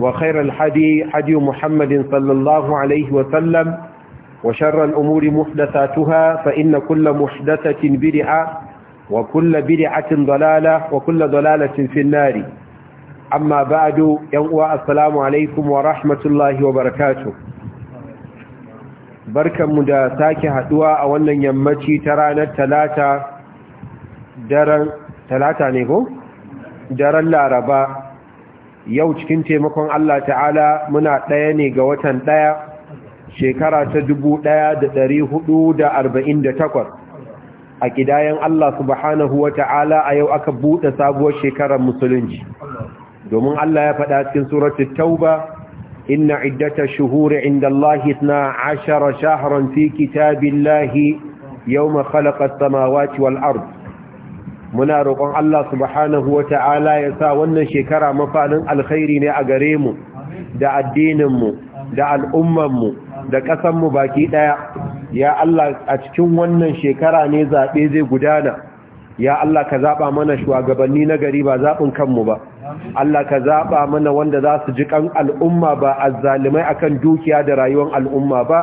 وخير الحدي حدي محمد صلى الله عليه وسلم وشر الأمور محدثاتها فإن كل محدثة بدعة وكل بدعة ضلالة وكل ضلالة في النار أما بعد يوء السلام عليكم ورحمة الله وبركاته بركة مداساك هدوى أولا يمتي ترانا التلاتة درن تلاتة نيكو درن لاربا yau cikin taimakon Allah ta'ala muna ɗaya ne ga watan ɗaya shekara ta dubu ɗaya da ɗari hudu da arba'in da takwas a ƙidayen Allah subhanahu wa ta'ala a yau aka buɗe sabuwar shekarar musulunci domin Allah ya faɗa cikin suratu tauba inna iddata shuhuri inda Allah na ashara shahran fi kitabillahi yauma khalaqa as-samawati wal ardh muna roƙon Allah subhanahu wa ta'ala ya sa wannan shekara mafanin alkhairi ne a gare mu da addininmu da al'ummanmu da ƙasanmu baki ɗaya ya Allah a cikin wannan shekara ne zaɓe zai gudana ya Allah ka zaɓa mana shugabanni na gari ba zaɓin kanmu ba Allah ka zaɓa mana wanda za su ji kan al'umma ba a zalimai akan dukiya da rayuwar al'umma ba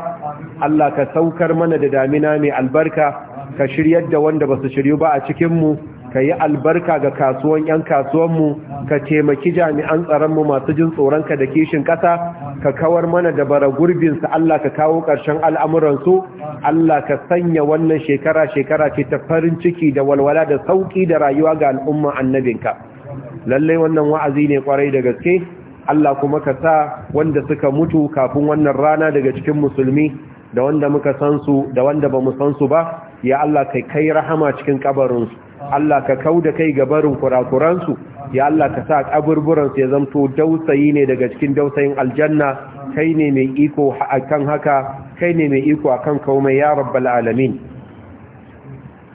Allah ka saukar mana da damina mai albarka ka shiryar da wanda ba su shiryu ba a cikinmu ka yi albarka ga kasuwan 'yan kasuwanmu ka taimaki jami'an tsaronmu masu jin tsoronka da kishin ƙasa ka kawar mana da bara gurbinsu Allah ka kawo ƙarshen al'amuransu Allah ka sanya wannan shekara-shekara ce ta farin ciki da walwala da sauƙi da rayuwa ga al'umma annabinka lallai wannan wa'azi ne kwarai da gaske Allah kuma ka sa wanda suka mutu kafin wannan rana daga cikin musulmi da wanda muka san su da wanda ba mu san su ba ya Allah kai kai rahama cikin kabarinsu Allah ka kau da kai gabarin kurakuransu ya Allah ka sa kaburburansu ya zamto dausayi ne daga cikin dausayin aljanna kai ne mai iko akan haka kai ne mai iko akan komai ya rabbal alamin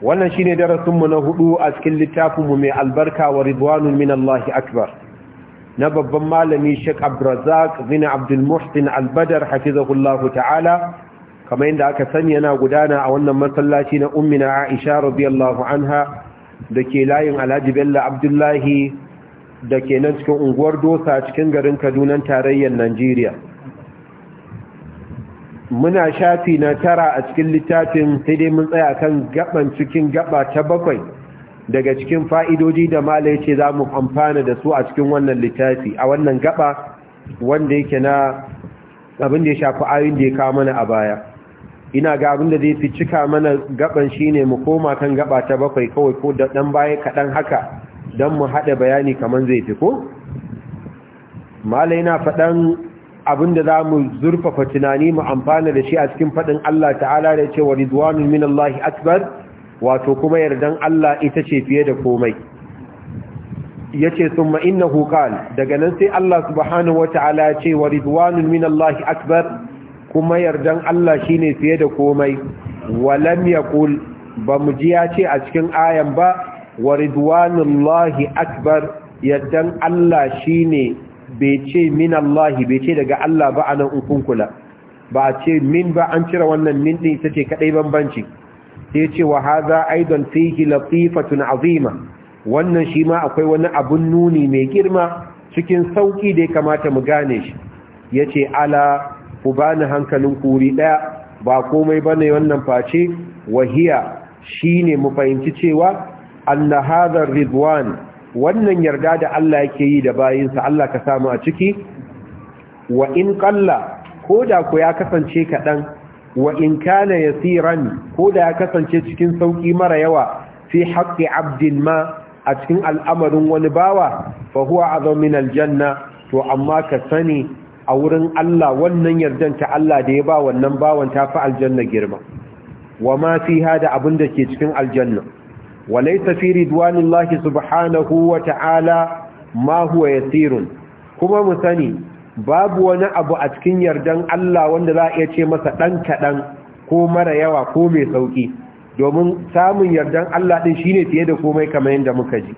wannan shine darasin mu na hudu a cikin littafin mu mai albarka wa ridwanun min Allah akbar na babban malami Sheikh Abdurrazzaq bin Abdul Muhsin Al-Badr hafizahullahu ta'ala kamar yadda aka sani yana gudana a wannan masallaci na ummina Aisha radiyallahu anha dake layin Alhaji Bello Abdullahi da ke nan cikin unguwar Dosa cikin garin Kaduna tarayyar Najeriya muna shafi na tara a cikin littafin sai dai mun tsaya kan gaban cikin gaba ta bakwai daga cikin fa'idodi da malai yace za mu amfana da su a cikin wannan littafi a wannan gaba wanda yake na abin da ya shafi ayin da ya kawo mana a baya ina ga abin da zai fi cika mana gaban shine mu koma kan gaba ta bakwai kawai ko da dan baya kaɗan haka don mu haɗa bayani kamar zai fi ko malai na faɗan abin da za mu zurfafa tunani mu amfana da shi a cikin faɗin Allah ta'ala da cewa ridwanun min Allah akbar wato kuma yardan Allah ita ce fiye da komai yace thumma innahu qala daga nan sai Allah subhanahu Ta'ala ya ce wa ridwanun min Allah akbar kuma yardan Allah shi ne fiye da komai walam kul ba mu ji ya ce a cikin ayan ba wa ridwanullahi akbar yardan Allah shi ne bai ce min Allah bai ce daga Allah ba anan in kula. ba a ce min ba an cire wannan min ɗin ita ce kadai bambanci sai ce wa yi don fihi latifatun azima wannan shi ma akwai wani abun nuni mai girma cikin sauƙi da ya kamata mu gane shi Ya ce ala ku ni hankalin kuri ɗaya. ba komai ba ne wannan face wahiya ne mu fahimci cewa anna Rizwan. ridwan wannan yarda da Allah yake yi da bayinsa Allah ka samu a ciki wa in Ko da ku ya kasance kaɗan? wa in kana yasiran koda ya kasance cikin sauƙi mara yawa fi haƙƙi abdin ma a cikin al'amarin wani bawa fa huwa azamin aljanna to amma ka sani a wurin Allah wannan yardan ta Allah da ya ba wannan bawan ta fi aljanna girma wa ma fi da abin da ke cikin aljanna wa laysa fi ridwanillahi subhanahu wa ta'ala ma huwa yasirun kuma mu sani babu wani abu a cikin yardan Allah wanda za a iya ce masa dan kadan ko mara yawa ko mai sauki domin samun yardan Allah din shine fiye da komai kamar yanda muka ji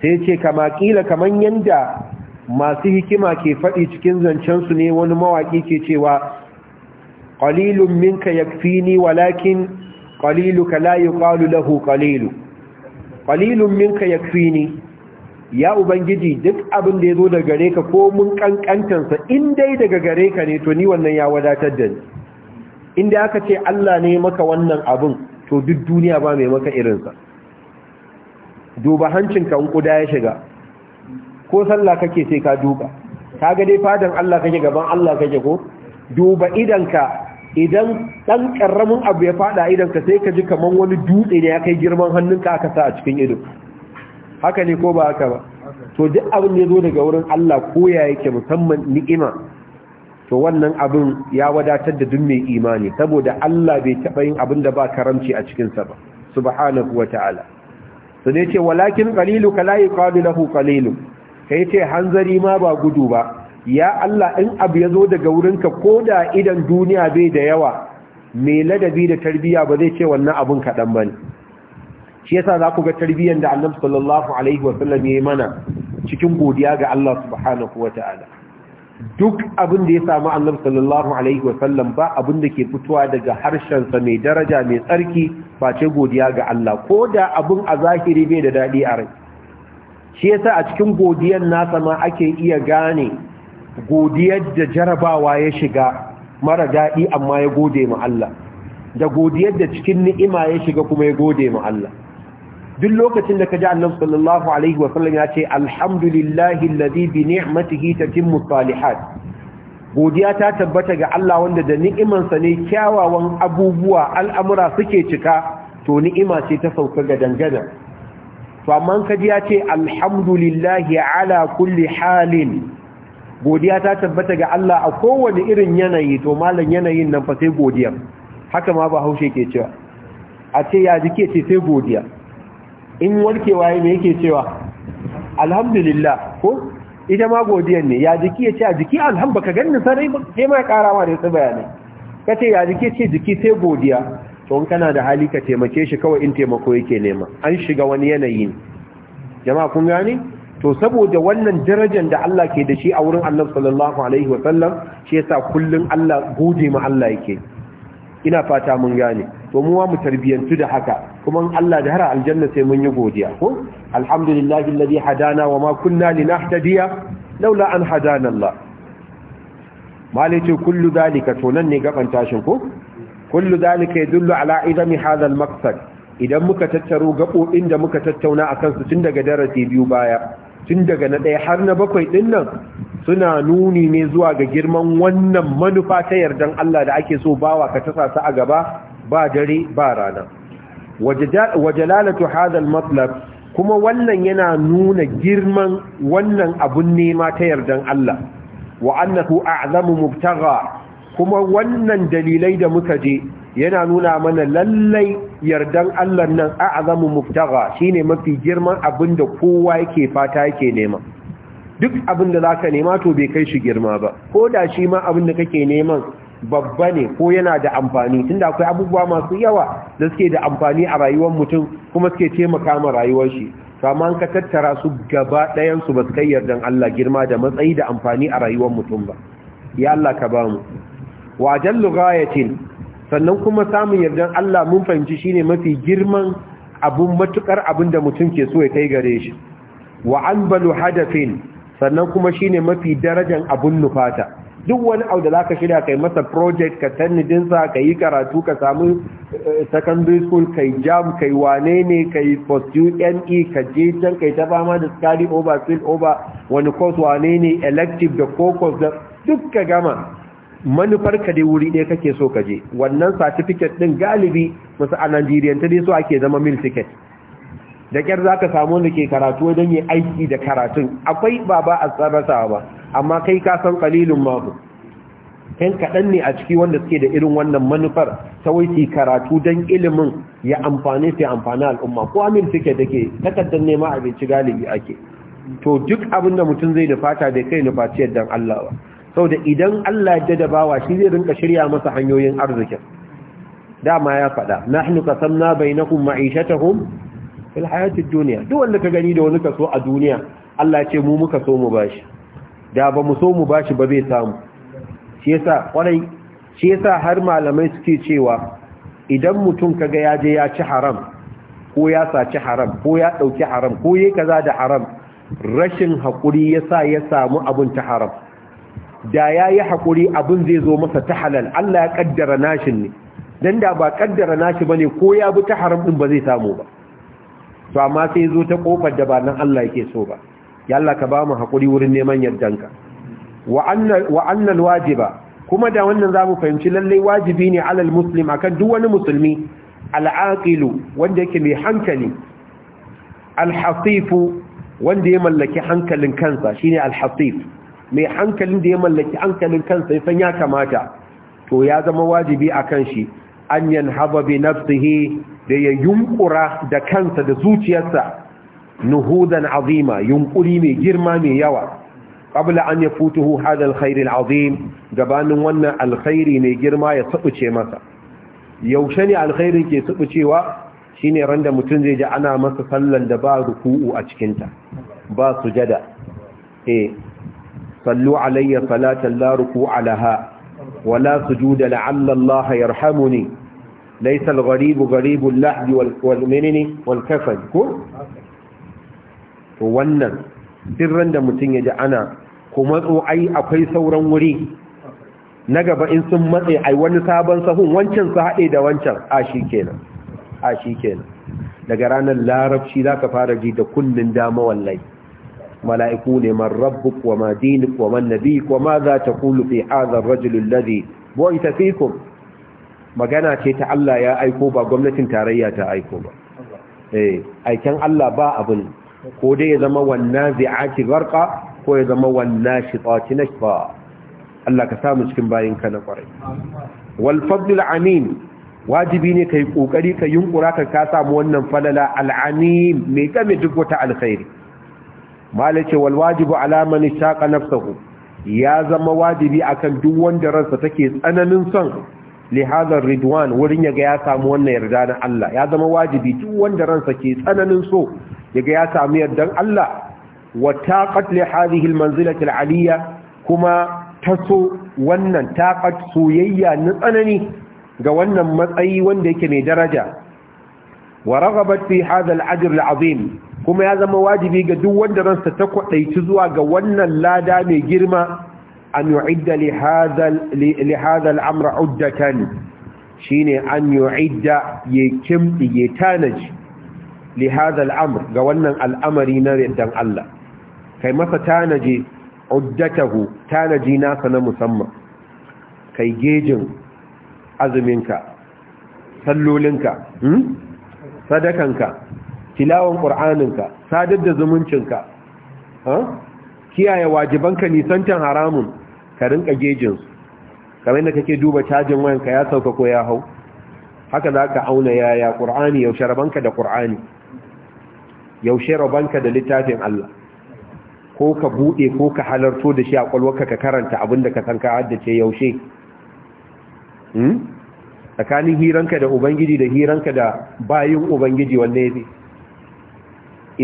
sai ce kama kila kamar yanda masu hikima ke faɗi cikin zancen su ne wani mawaƙi ke cewa ƙalilun minka ya ni walakin ƙaliluka layi ƙalu lahu ƙalilu ƙalilun minka ya ni ya ubangiji duk abin da ya zo daga gare ka ko mun sa, in dai daga gare ka ne to ni wannan ya wadatar da ni inda aka ce Allah ne maka wannan abin to duk duniya ba mai maka irinsa duba hancinka in kuda ya shiga ko sallah kake sai ka duba kaga dai fadan Allah kake gaban Allah kake ko duba idanka idan dan karramin abu ya fada idanka sai ka ji kaman wani dutse ne ya kai girman hannunka aka sa a cikin ido haka ne ko ba haka ba to duk abin da ya zo daga wurin Allah ko ya yake musamman ni'ima to wannan abin ya wadatar da duk mai imani saboda Allah bai taba yin abin da ba karamci a cikin sa ba subhanahu wata'ala sai ne ce walakin qalilu kala yuqalu lahu qalilun kai ce hanzari ma ba gudu ba ya Allah in abu ya zo daga wurinka ko da idan duniya bai da yawa mai ladabi da tarbiyya ba zai ce wannan abun kaɗan ba ne shi yasa za ku ga tarbiyyar da annabi sallallahu alaihi wasallam ya yi mana cikin godiya ga Allah subhanahu wa ta'ala duk abin da ya samu annabi sallallahu alaihi wasallam ba abin da ke fitowa daga harshensa mai daraja mai tsarki face godiya ga Allah ko da abin a zahiri bai da daɗi a rai shi yasa a cikin godiyar nasa ma ake iya gane godiyar da jarabawa ya shiga mara daɗi amma ya gode ma Allah da godiyar da cikin ni'ima ya shiga kuma ya gode ma Allah duk lokacin da ka ji annabi sallallahu alaihi wa sallam ya ce alhamdulillahi alladhi bi ni'matihi tatimmu salihat godiya ta tabbata ga Allah wanda da ni'imansa ne kyawawan abubuwa al'amura suke cika to ni'ima ce ta sauka ga dangana to amma kaji ya ce alhamdulillahi ala kulli halin godiya ta tabbata ga Allah a kowane irin yanayi to malam yanayin nan fa sai godiya haka ma ba haushe ke cewa a ce ya ke ce sai godiya in warkewa waye me yake cewa alhamdulillah ko ita ma godiyar ne ya jiki ya ce a jiki alhamba ka ganin sarai sai ma karama da su bayanai ka ce ya jiki ce jiki sai godiya to kana da hali ka taimake shi kawai in taimako yake nema an shiga wani yanayi jama'a kun gane to saboda wannan darajar da Allah ke da shi a wurin Allah sallallahu alaihi wa sallam shi yasa kullun Allah gode ma Allah yake ina fata mun gane to mu wa mu tarbiyantu da haka kuma Allah da har aljanna sai mun yi godiya ko alhamdulillahi alladhi hadana wa ma kunna linahtadiya laula an hadana Allah malai ce kullu zalika to nan ne gaban tashin ko kullu zalika yadullu ala idami hadha al idan muka tattaro gabobin da muka tattauna akan su tun daga darasi biyu baya tun daga na ɗaya har na bakwai dinnan, suna nuni ne zuwa ga girman wannan manufa ta yardan Allah da ake so bawa ka tasa su a gaba ba dare ba rana wajalalatu hadal matlab kuma wannan yana nuna girman wannan abun nema ta yardan Allah wa annahu a'zamu mubtagha kuma wannan dalilai da muka je yana nuna mana lallai yardan Allah nan a'zamu shi ne mafi girman abin da kowa yake fata yake nema duk abin da za ka nema to bai kai shi girma ba ko da shi ma abin da kake neman babba ne ko yana da amfani tun da akwai abubuwa masu yawa da suke da amfani a rayuwar mutum kuma suke taimaka ma rayuwar shi to amma ka tattara su gaba ɗayan su ba su kai yardan Allah girma da matsayi da amfani a rayuwar mutum ba ya Allah ka ba mu wa jallu ghayatin sannan kuma samun yardan Allah mun fahimci shine mafi girman abun matukar abinda mutum ke so ya kai gare shi wa anbalu hadafin sannan kuma shine mafi darajan abun nufata duk wani abu da za ka shirya kai masa project ka tanni tannidinsa ka yi karatu ka samu eh, secondary school kai jam kai wane ne kai post une ka je can kai ta fama da study over fill over wani course wane ne elective da co-course da duk ka gama manufar ka dai wuri ɗaya kake so ka je wannan satifiket ɗin galibi musu a Najeriya ta dai so ake zama mil ticket da kyar za ka samu wanda ke karatu don yi aiki da karatun akwai ba ba a tsarasa ba amma kai ka san kalilun mabu kan kaɗan ne a ciki wanda suke da irin wannan manufar ta waiti karatu don ilimin ya amfani sai amfani al'umma ko amin suke ke, takardar nema abinci galibi ake to duk abin da mutum zai nufata da kai nufaci yadda Allah ba Sau da idan Allah ya bawa shi zai rinka shirya masa hanyoyin arzikin dama ya faɗa nahnu qasamna bainahum ma'ishatahum fil hayatid dunya duk wanda ka gani da wani kaso a duniya Allah ya ce mu muka so mu bashi da ba mu so mu bashi ba zai samu shi yasa kwarai shi yasa har malamai suke cewa idan mutum kaga ya je ya ci haram ko ya saci haram ko ya dauki haram ko yayi kaza da haram rashin hakuri yasa ya samu abun ta haram da ya yi haƙuri abin zai zo masa ta halal Allah ya ƙaddara nashin ne don da ba ƙaddara nashi ba ne ko ya bi ta haram ɗin ba zai samu ba to amma sai zo ta ƙofar da ba nan Allah yake so ba ya Allah ka ba mu haƙuri wurin neman yardanka wa annal wajiba kuma da wannan za mu fahimci lallai wajibi ne alal muslim akan duk wani musulmi al'aqilu wanda yake mai hankali alhasifu wanda ya mallaki hankalin kansa shine alhasif mai hankalin da ya mallaki hankalin kansa san ya kamata to ya zama wajibi a kan shi an hababi bi nafsihi da ya yunkura da kansa da zuciyarsa nuhudan azima yunkuri mai girma mai yawa qabla an yafutuhu hada alkhair alazim gabanin wannan alkhairi mai girma ya tsubuce masa yaushe ne alkhairin ke tsubucewa shine randa mutum zai ji ana masa sallan da ba ruku'u a cikin ta ba sujada eh sallu alayya salatan la ruku'a laha wala sujuda la'alla Allah yarhamuni laysa al-gharibu gharibu al-lahd to wannan sirran da mutum ya ji ana kuma ai akwai sauran wuri na gaba in sun matse ai wani sabon sahun wancan su haɗe da wancan a shi kenan a shi kenan daga ranar larabci za ka fara ji da kunnin dama wallai mala'iku ne man rabbuk wa ma dinuk wa man nabiyuk ma za ta kulu fi hadha ar-rajul alladhi magana ce ta Allah ya aiko ba gwamnatin tarayya ta aiko ba eh aikin Allah ba abin ko dai ya zama wannan zi'ati barqa ko ya zama wannan shitati ba. Allah ka samu cikin ka na kwarai wal fadlul amin wajibi ne yi kokari ka yunkura ka ka samu wannan falala al mai me game duk wata alkhairi malace wal wajibu ala man shaqa ya zama wajibi akan duk wanda ransa take tsananin son li ridwan wurin yaga ya samu wannan yarda na Allah ya zama wajibi duk wanda ransa ke tsananin so yaga ya samu yardan Allah wa taqat li hadhihi al aliyya kuma taso wannan taqat soyayya na tsanani ga wannan matsayi wanda yake mai daraja wa raghabat fi hadha al ajr al azim kuma ya zama wajibi ga duk wanda ransa ta kwadaici zuwa ga wannan lada mai girma an yu'idda li hadha al-amr uddatan shine an yu'idda ya kimdi ya tanaji li hadha amr ga wannan al'amari na riddan Allah kai masa tanaji uddatahu tanaji nasa na musamman kai gejin azuminka sallolinka hmm? sadakanka tilawan ƙur'aninka sadar da zumuncinka kiyaye wajibanka nisantan haramun ka rinka gejinsu kamar da kake duba cajin wayanka ya sauka ko ya hau haka za ka auna yaya ƙur'ani yaushe rabanka da ƙur'ani yaushe rabanka da littafin Allah ko ka buɗe ko ka halarto da shi a ƙwalwarka ka karanta abin da ka san ka haddace yaushe hmm? tsakanin hiranka da ubangiji da hiranka da bayin ubangiji wanne ne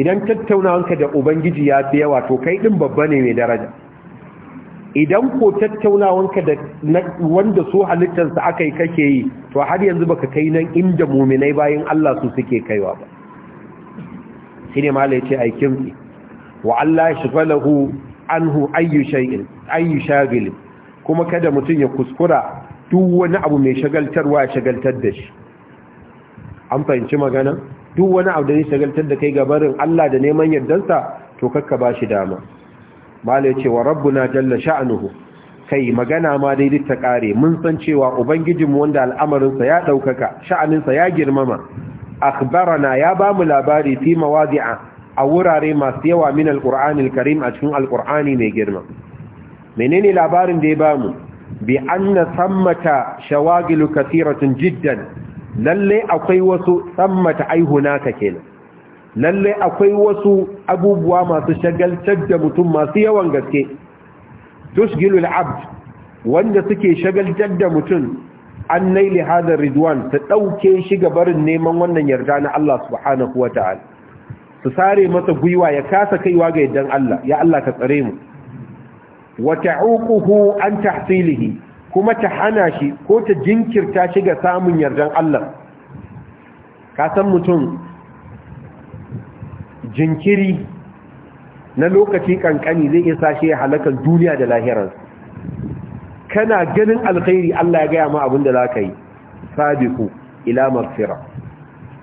idan tattaunawanka da ubangiji ya fi yawa to kai ɗin babba ne mai daraja idan ko tattaunawanka da wanda su halittarsa aka yi kake yi to har yanzu baka kai nan inda muminai bayan Allah su suke kaiwa ba shi ne mala ce aikin fi wa Allah shi anhu ayyu shay'in ayyu shagil kuma kada mutum ya kuskura duk wani abu mai shagaltarwa ya shagaltar da shi an fahimci magana duk wani abu da zai shagaltar da kai gabarin Allah da neman yardansa to kakka ba shi dama malai ce rabbuna jalla sha'anuhu kai magana ma dai duk ta kare mun san cewa mu wanda al'amarinsa ya daukaka sha'aninsa ya girmama akhbarana ya ba mu labari fi mawadi'a a wurare masu yawa min alqur'anil karim a cikin alqur'ani mai girma menene labarin da ya ba mu bi anna sammata shawagilu kathiratun jiddan lalle akwai wasu tsammata aihunaka kenan lalle akwai wasu abubuwa masu shagaltar da mutum masu yawan gaske tushgilul abd wanda suke shagaltar da mutum an naili hadha ridwan ta dauke shi ga barin neman wannan yarda na Allah subhanahu wataala su sare masa gwiwa ya kasa kaiwa ga yaddan Allah ya Allah ka tsare mu wa ta'uquhu an tahsilihi kuma ta hana shi ko ta jinkirta shi ga samun yardan Allah ka san mutum jinkiri na lokaci kankani zai isa shi halakar duniya da lahirar kana ganin alkhairi Allah ya gaya ma abin da za ka yi sabiku ila magfira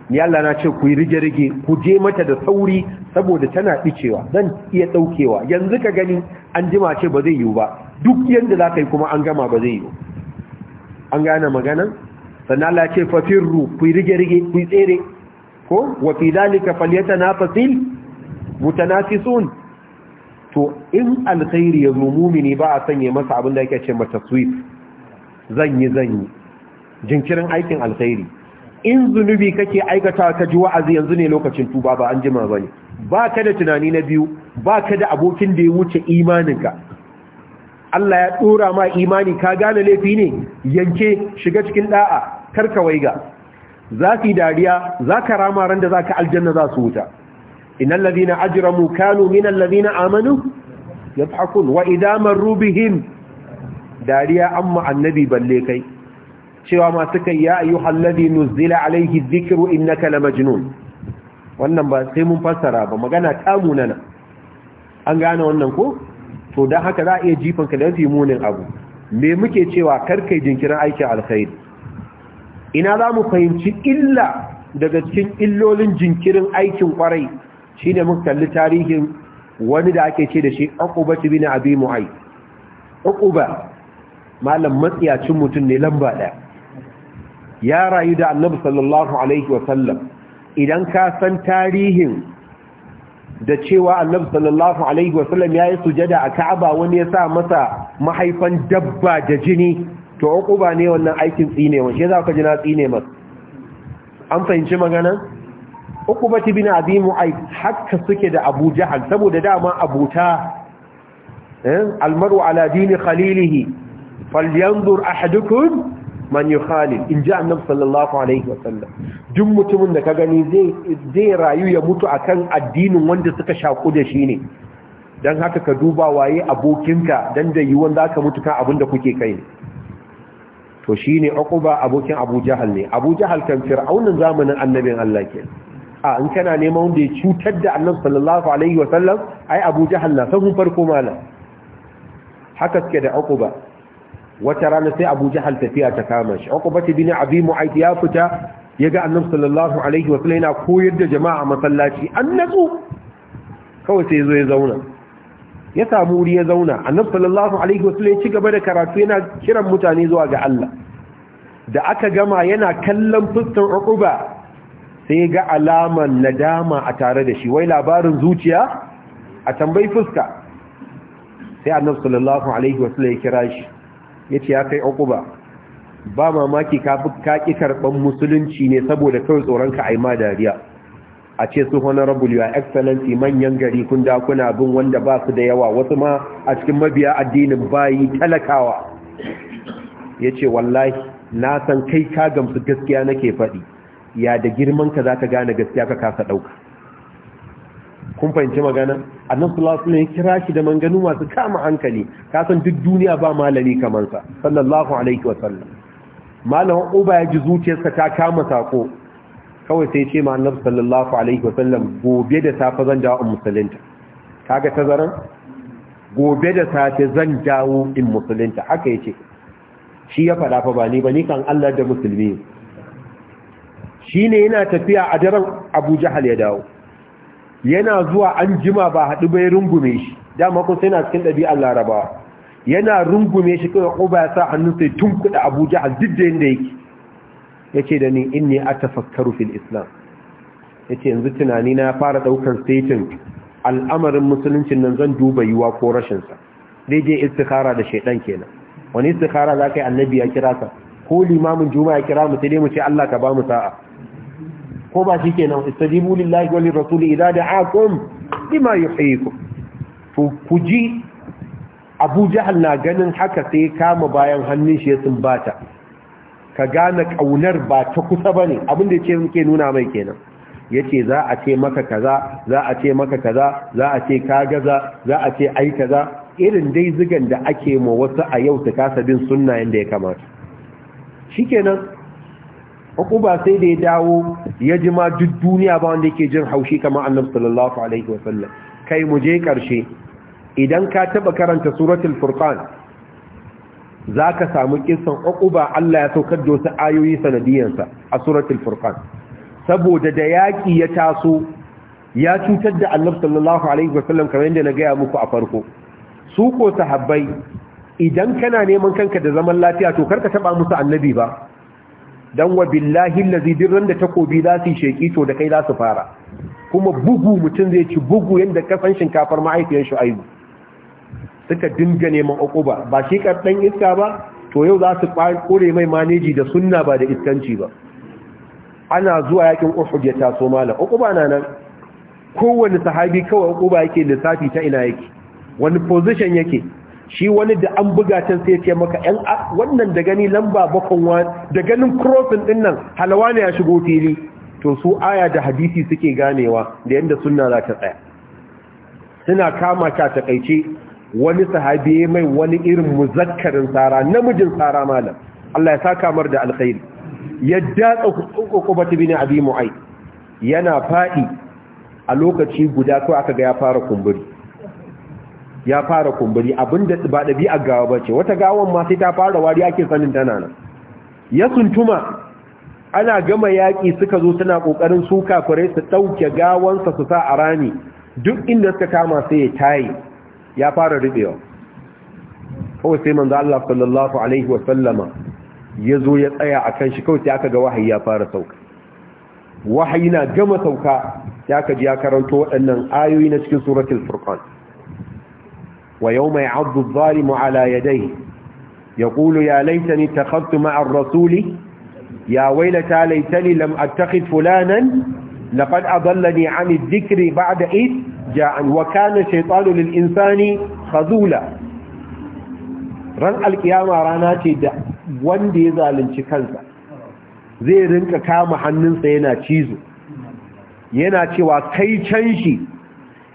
ni Allah na ce ku yi rige-rige ku je mata da sauri saboda tana ɗicewa zan iya ɗaukewa yanzu ka gani an jima ce ba zai yiwu ba duk yadda za ka yi kuma an gama ba zai yi an gane magana sannan Allah ce fafirru ku rige-rige ku tsere ko wa fi dalika falyata na fasil sun? to in alkhairi ya zo mumini ba a sanya masa abin da yake ce mata Zan yi zan yi jinkirin aikin alkhairi in zunubi kake aikata ka ji wa'azi yanzu ne lokacin tuba ba an jima bane ba ka da tunani na biyu ba ka da abokin da ya wuce imaninka Allah ya dora ma imani ka gane laifi ne yanke shiga cikin da'a karka waiga za ki dariya za ka rama ran da za ka aljanna za su wuta innal ladina ajramu kanu minal ladina amanu yadhakun wa idza marru dariya amma annabi balle kai cewa ma suka ya ayyu ladhi nuzila alayhi dhikru innaka lamajnun wannan ba sai mun fassara ba magana ta munana an gane wannan ko to don haka za a iya ka da yi munin abu me muke cewa karkai jinkirin aikin alkhairi ina za mu fahimci illa daga cikin illolin jinkirin aikin kwarai shi ne muka kalli tarihin wani da ake ce da shi akuba na abi mu'ai akuba malam matsiyacin mutum ne lamba ɗaya ya rayu da annabi sallallahu alaihi wasallam idan ka san tarihin da cewa annabi sallallahu alaihi wasallam ya yi sujada a ka'aba wani ya sa masa mahaifan dabba da jini to uquba ne wannan aikin tsine wa shi za ka jina tsine an fahimci magana uquba bin abi mu'ayd hakka suke da abu jahal saboda dama abuta eh almaru ala dini khalilihi falyanzur ahadukum man yi Khalil in ji annabi sallallahu alaihi wasallam duk mutumin da ka gani zai rayu ya mutu akan addinin wanda suka shaku da shi ne Don haka ka duba waye abokinka don da wanda ka mutu kan abin da kuke kai to shi ne ba abokin Abu Jahal ne Abu Jahal kan fir'aunin zamanin annabin Allah ke a in kana neman wanda ya cutar da annabi sallallahu alaihi wasallam ai Abu Jahal na sahun farko mala haka suke da uquba wata rana sai abu jahal tafiya ta kama shi uqbati bin abi mu'aiti ya fita yaga annabi sallallahu alaihi wa sallam na koyar da jama'a masallaci natsu. kawai sai zo ya zauna ya samu wuri ya zauna annabi sallallahu alaihi wa sallam ya ci gaba da karatu yana kiran mutane zuwa ga Allah da aka gama yana kallon fuskar uquba sai ga alaman nadama a tare da shi wai labarin zuciya a tambayi fuska sai annabi sallallahu alaihi wa sallam ya kira shi ya ce ya kai uquba ba mamaki ka kaƙi karɓar musulunci ne saboda kawai tsoron ka yi ma dariya a ce su honorable your excellency manyan gari kun da bin wanda ba su da yawa wasu ma a cikin mabiya addinin bayi talakawa Ya ce wallahi na san kai ka gamsu gaskiya nake faɗi ya da girman ka za ka gane gaskiya ka kasa ɗauka kun fahimci magana Annan sallallahu alaihi ya kira shi da manganu masu kama hankali ka san duk duniya ba malami kamar sa sallallahu alaihi wasallam malamin uba ya ji zuciyarsa ta kama sako kawai sai ce ma annabi sallallahu alaihi wasallam gobe da safe zan dawo in musulunta kaga tazaran gobe da safe zan dawo in musulunta haka yace shi ya fada fa ba ni ba ni kan Allah da musulmi shine yana tafiya a daren Abu Jahal ya dawo yana zuwa an jima ba haɗu bai rungume shi dama kun sai na cikin ɗabi'ar larabawa yana rungume shi kawai ƙuba ya sa hannun sai tun kuɗa abuja a duk da yadda yake ya ce da ni in ne a tafakkaru fil islam ya ce yanzu tunani na fara ɗaukar setin al'amarin musuluncin nan zan duba yiwa ko rashinsa daidai istikara da shaidan kenan wani istikara za ka yi annabi ya kira ko limamin juma'a ya kira mu sai dai mu ce allah ka ba mu sa'a ko ba shi kenan istajibu lillahi wa lirrasuli idza da'akum bima yuhyikum to ku ji Abu Jahal na ganin haka sai kama bayan hannun shi ya sumbata ka gane kaunar ba ta kusa ba ne. abin da yake muke nuna mai kenan yace za a ce maka kaza za a ce maka kaza za a ce ka gaza za a ce ai kaza irin dai zigan da ake ma wasu a yau ta kasa bin sunna yanda ya kamata Shi kenan. ba sai da ya dawo ya ji ma duk duniya ba wanda yake jin haushi kamar annabi sallallahu alaihi sallam kai mu je karshe idan ka taba karanta suratul furqan zaka samu kissan ba Allah ya saukar da wasu ayoyi sa a suratul furqan saboda da yaki ya taso ya cutar da annabi sallallahu alaihi sallam kamar yadda na gaya muku a farko su ko sahabbai idan kana neman kanka da zaman lafiya to karka taba musu annabi ba dan wa billahi allazi dirran da takobi za su sheki to da kai za su fara kuma bugu mutum zai ci bugu yanda kasan shinkafar mahaifiyar shu'aibu suka dinga neman uquba ba shi kardan iska ba to yau za su kore mai maneji da sunna ba da iskanci ba ana zuwa yakin uhud ya taso malam uquba na nan kowanne sahabi kawai uquba yake lissafi ta ina yake wani position yake shi wani da an buga can sai ce maka yan wannan da gani lamba bakon wani da ganin crossing din nan halawa ne ya shigo fili to su aya da hadisi suke ganewa da yadda sunna za ta tsaya suna kama ta takaice wani sahabi mai wani irin muzakkarin tsara namijin tsara malam Allah ya saka mar da alkhairi ya datsa kubatu bin abi mu'ay yana fadi a lokaci guda ko aka ga ya fara kumburi ya fara kumburi abinda ba ɗabi'a gawa ba ce wata gawan ma sai ta fara wari ake sanin tana nan ya suntuma ana gama yaki suka zo suna ƙoƙarin su kafirai su ɗauke gawansa su sa a rami duk inda suka kama sai ya tayi ya fara riɓewa kawai sai manzo Allah sallallahu alaihi wa sallama ya zo ya tsaya a kan shi kawai sai aka ga wahayi ya fara sauka wahayi na gama sauka sai aka ji ya karanto waɗannan ayoyi na cikin suratul furqan ويوم يعض الظالم على يديه يقول يا ليتني اتخذت مع الرسول يا ويلتى ليتني لم اتخذ فلانا لقد أضلني عن الذكر بعد إذ جاء وكان الشيطان للإنسان خذولا ran alkiyama rana ce da wanda ya zalunci kansa zai rinka kama hannunsa yana cizo yana cewa kai can shi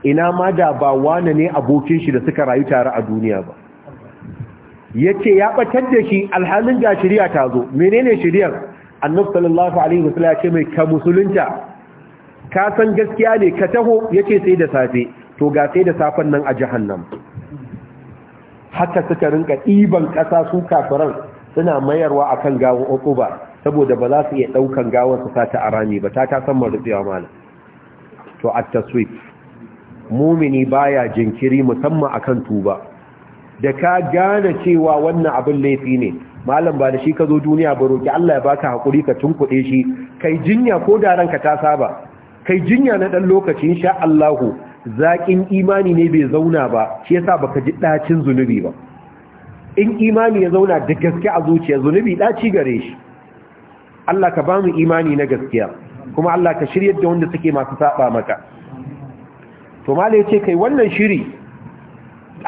ina ma da ba wane ne abokin shi da suka rayu tare a duniya ba yace ya batar da shi alhalin da shari'a ta zo menene shari'ar annabi sallallahu alaihi wasallam ya ce mai ka musulunta ka san gaskiya ne ka taho yace sai da safe to ga sai da safen nan a jahannam haka suka rinka ɗiban ƙasa su kafiran suna mayarwa akan gawon ukuba saboda ba za su iya ɗaukan gawar su sata a rami ba ta ta san marufewa mana to at taswif mumini baya jinkiri musamman akan tuba da ka gane cewa wannan abin laifi ne malam ba da shi ka zo duniya ba roki Allah ya baka hakuri ka tunkuɗe shi kai jinya ko da ranka ta saba kai jinya na ɗan lokaci insha Allahu, zaƙin imani ne bai zauna ba shi yasa baka ji dacin zunubi ba in imani ya zauna da gaske a zuciya zunubi daci gare shi Allah ka ba mu imani na gaskiya kuma Allah ka shiryar da wanda suke masu saba maka to ma ya ce kai wannan shiri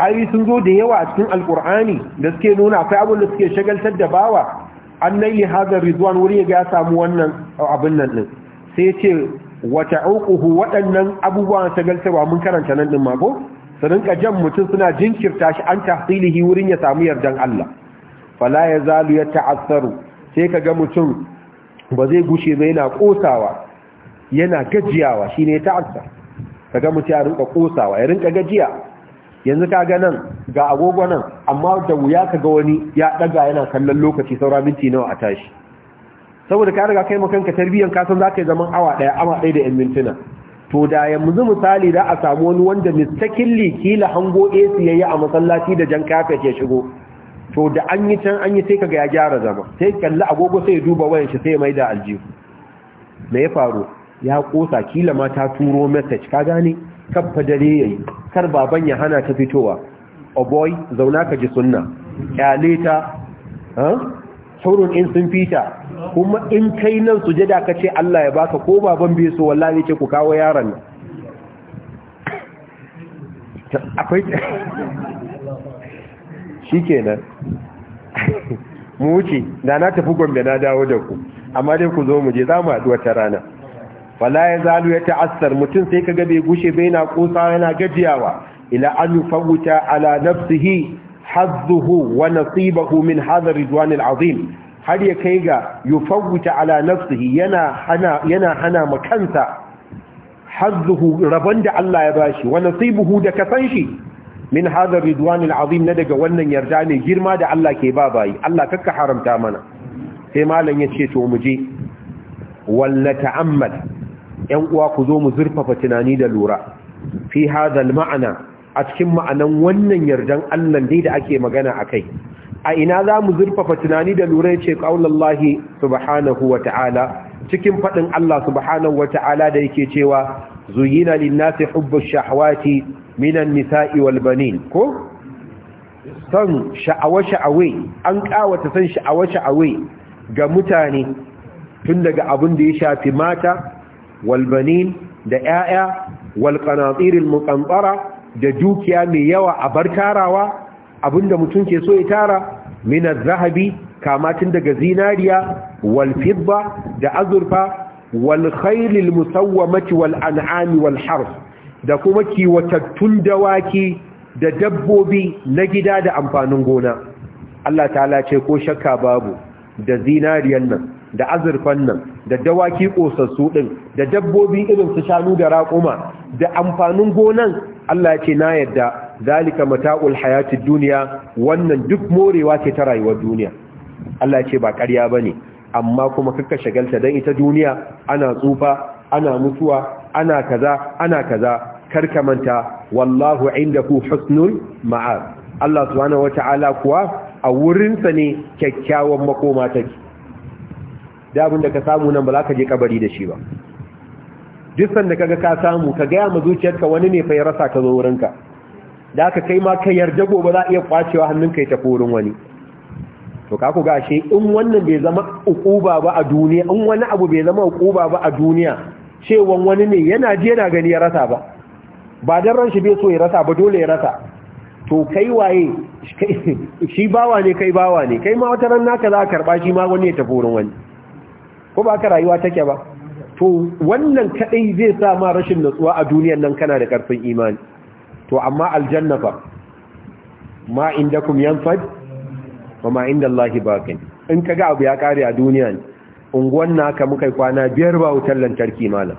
ayi sun zo da yawa a cikin alkur'ani da suke nuna akwai abin da suke shagaltar da bawa an nai yi hazar rizwan wuri ga ya samu wannan uh, abin nan din sai ya ce wata auƙuhu waɗannan abubuwan shagaltarwa mun karanta nan din mako su rinka jan mutum suna jinkirta shi an tahsilihi wurin ya samu yardan Allah fala ya zalu ya ta'assaru sai ka ga mutum ba zai gushe ba yana kosawa yana gajiyawa shine ta'assar Ka kaga mutu ya rinka kosawa ya rinka gajiya yanzu ka ga nan ga agogo nan amma da wuya ka ga wani ya daga yana kallon lokaci saura minti nawa a tashi saboda ka riga kai makanka tarbiyyan ka san zaka yi zaman awa daya awa daya da yan mintuna to da yanzu misali da a samu wani wanda mistakin kila hango AC yayi a masallaci da jan kafet ya shigo to da an yi can an yi sai kaga ya gyara zama sai kalli agogo sai ya duba wayan shi sai ya maida aljihu me ya faru ya kosa kila ma ta turo message ka gane kaffa dare yayi kar baban ya hana ta fitowa o oh boy zauna ka ji sunna kyale ta saurun in sun fita kuma in kai nan sujada ka ce Allah ya baka ko baban bai so wallahi ce ku kawo yaron nan akwai shikenan mu wuce da na tafi gombe na dawo da ku amma dai ku zo mu je za mu haɗu wata rana fala ya zalu ya ta'assar mutum sai kaga bai gushe bai na kusa yana gajiyawa ila an yufawwita ala nafsihi hazzuhu wa nasibahu min hadha ridwan azim har ya kai ga yufawwita ala nafsihi yana hana yana hana makansa rabon da Allah ya bashi wa nasibuhu da kasan shi min hadha ridwan azim na daga wannan yarda ne girma da Allah ke ba bayi Allah kakka haramta mana sai malam ya ce to mu je walla ta'ammal ‘yan uwa ku zo mu zurfafa tunani da lura fi hadal ma'ana a cikin ma'anan wannan yardan Allah dai da ake magana a kai a ina za mu zurfafa tunani da lura yace qaulullahi subhanahu wa ta'ala cikin faɗin Allah subhanahu wa ta'ala da yake cewa zuyina lin-nasi hubbu shahawati minan nisa'i wal banin ko san sha'awa-sha'awai an ƙawata san sha'awa-sha'awai ga mutane tun daga abin da ya shafi mata walbanin da 'ya'ya walƙanatsirin muƙantsara da dukiya mai yawa a bar tarawa abinda mutum ke so ya tara minar zahabi kamatin daga zinariya walfibba da azurfa walkhailil musawwamati wal'an'ami walharf da kuma kiwatattun dawaki da dabbobi na gida da amfanin gona Allah ta'ala ce ko shakka babu da zinariyar nan da azurfan nan da dawaki ƙosassu ɗin da dabbobi irin su shanu da raƙuma da amfanin gonan Allah ce na yadda zalika mata'ul hayati duniya wannan duk morewa ce ta rayuwar duniya Allah ce ba ƙarya ne. amma kuma kakka shagalta dan ita duniya ana tsufa ana mutuwa ana kaza ana kaza ka manta wallahu indahu husnul ma'ab Allah subhanahu wata'ala kuwa a wurinsa ne kyakkyawan makoma take da abin da ka samu nan ba za ka je kabari da shi ba duk sanda kaga ka samu ka gaya ma zuciyarka wani ne fa ya rasa ka zo wurinka da aka kai ma ka yarda gobe za a iya kwacewa hannunka ya tafi wurin wani to ka ku gashe in wannan bai zama ukuba ba a duniya in wani abu bai zama ukuba ba a duniya cewa wani ne yana je yana gani ya rasa ba ba dan ran shi bai so ya rasa ba dole ya rasa to kai waye shi bawa ne kai bawa ne kai ma wata ran naka za ka karba shi ma wani ya tafi wurin wani ko ba ka rayuwa take ba to wannan kadai zai sa ma rashin nutsuwa a duniyar nan kana da karfin imani to amma aljanna fa ma indakum yanfad wa ma indallahi baqin in kaga abu ya kare a duniya ne unguwan naka muka kwana biyar ba wutar lantarki malam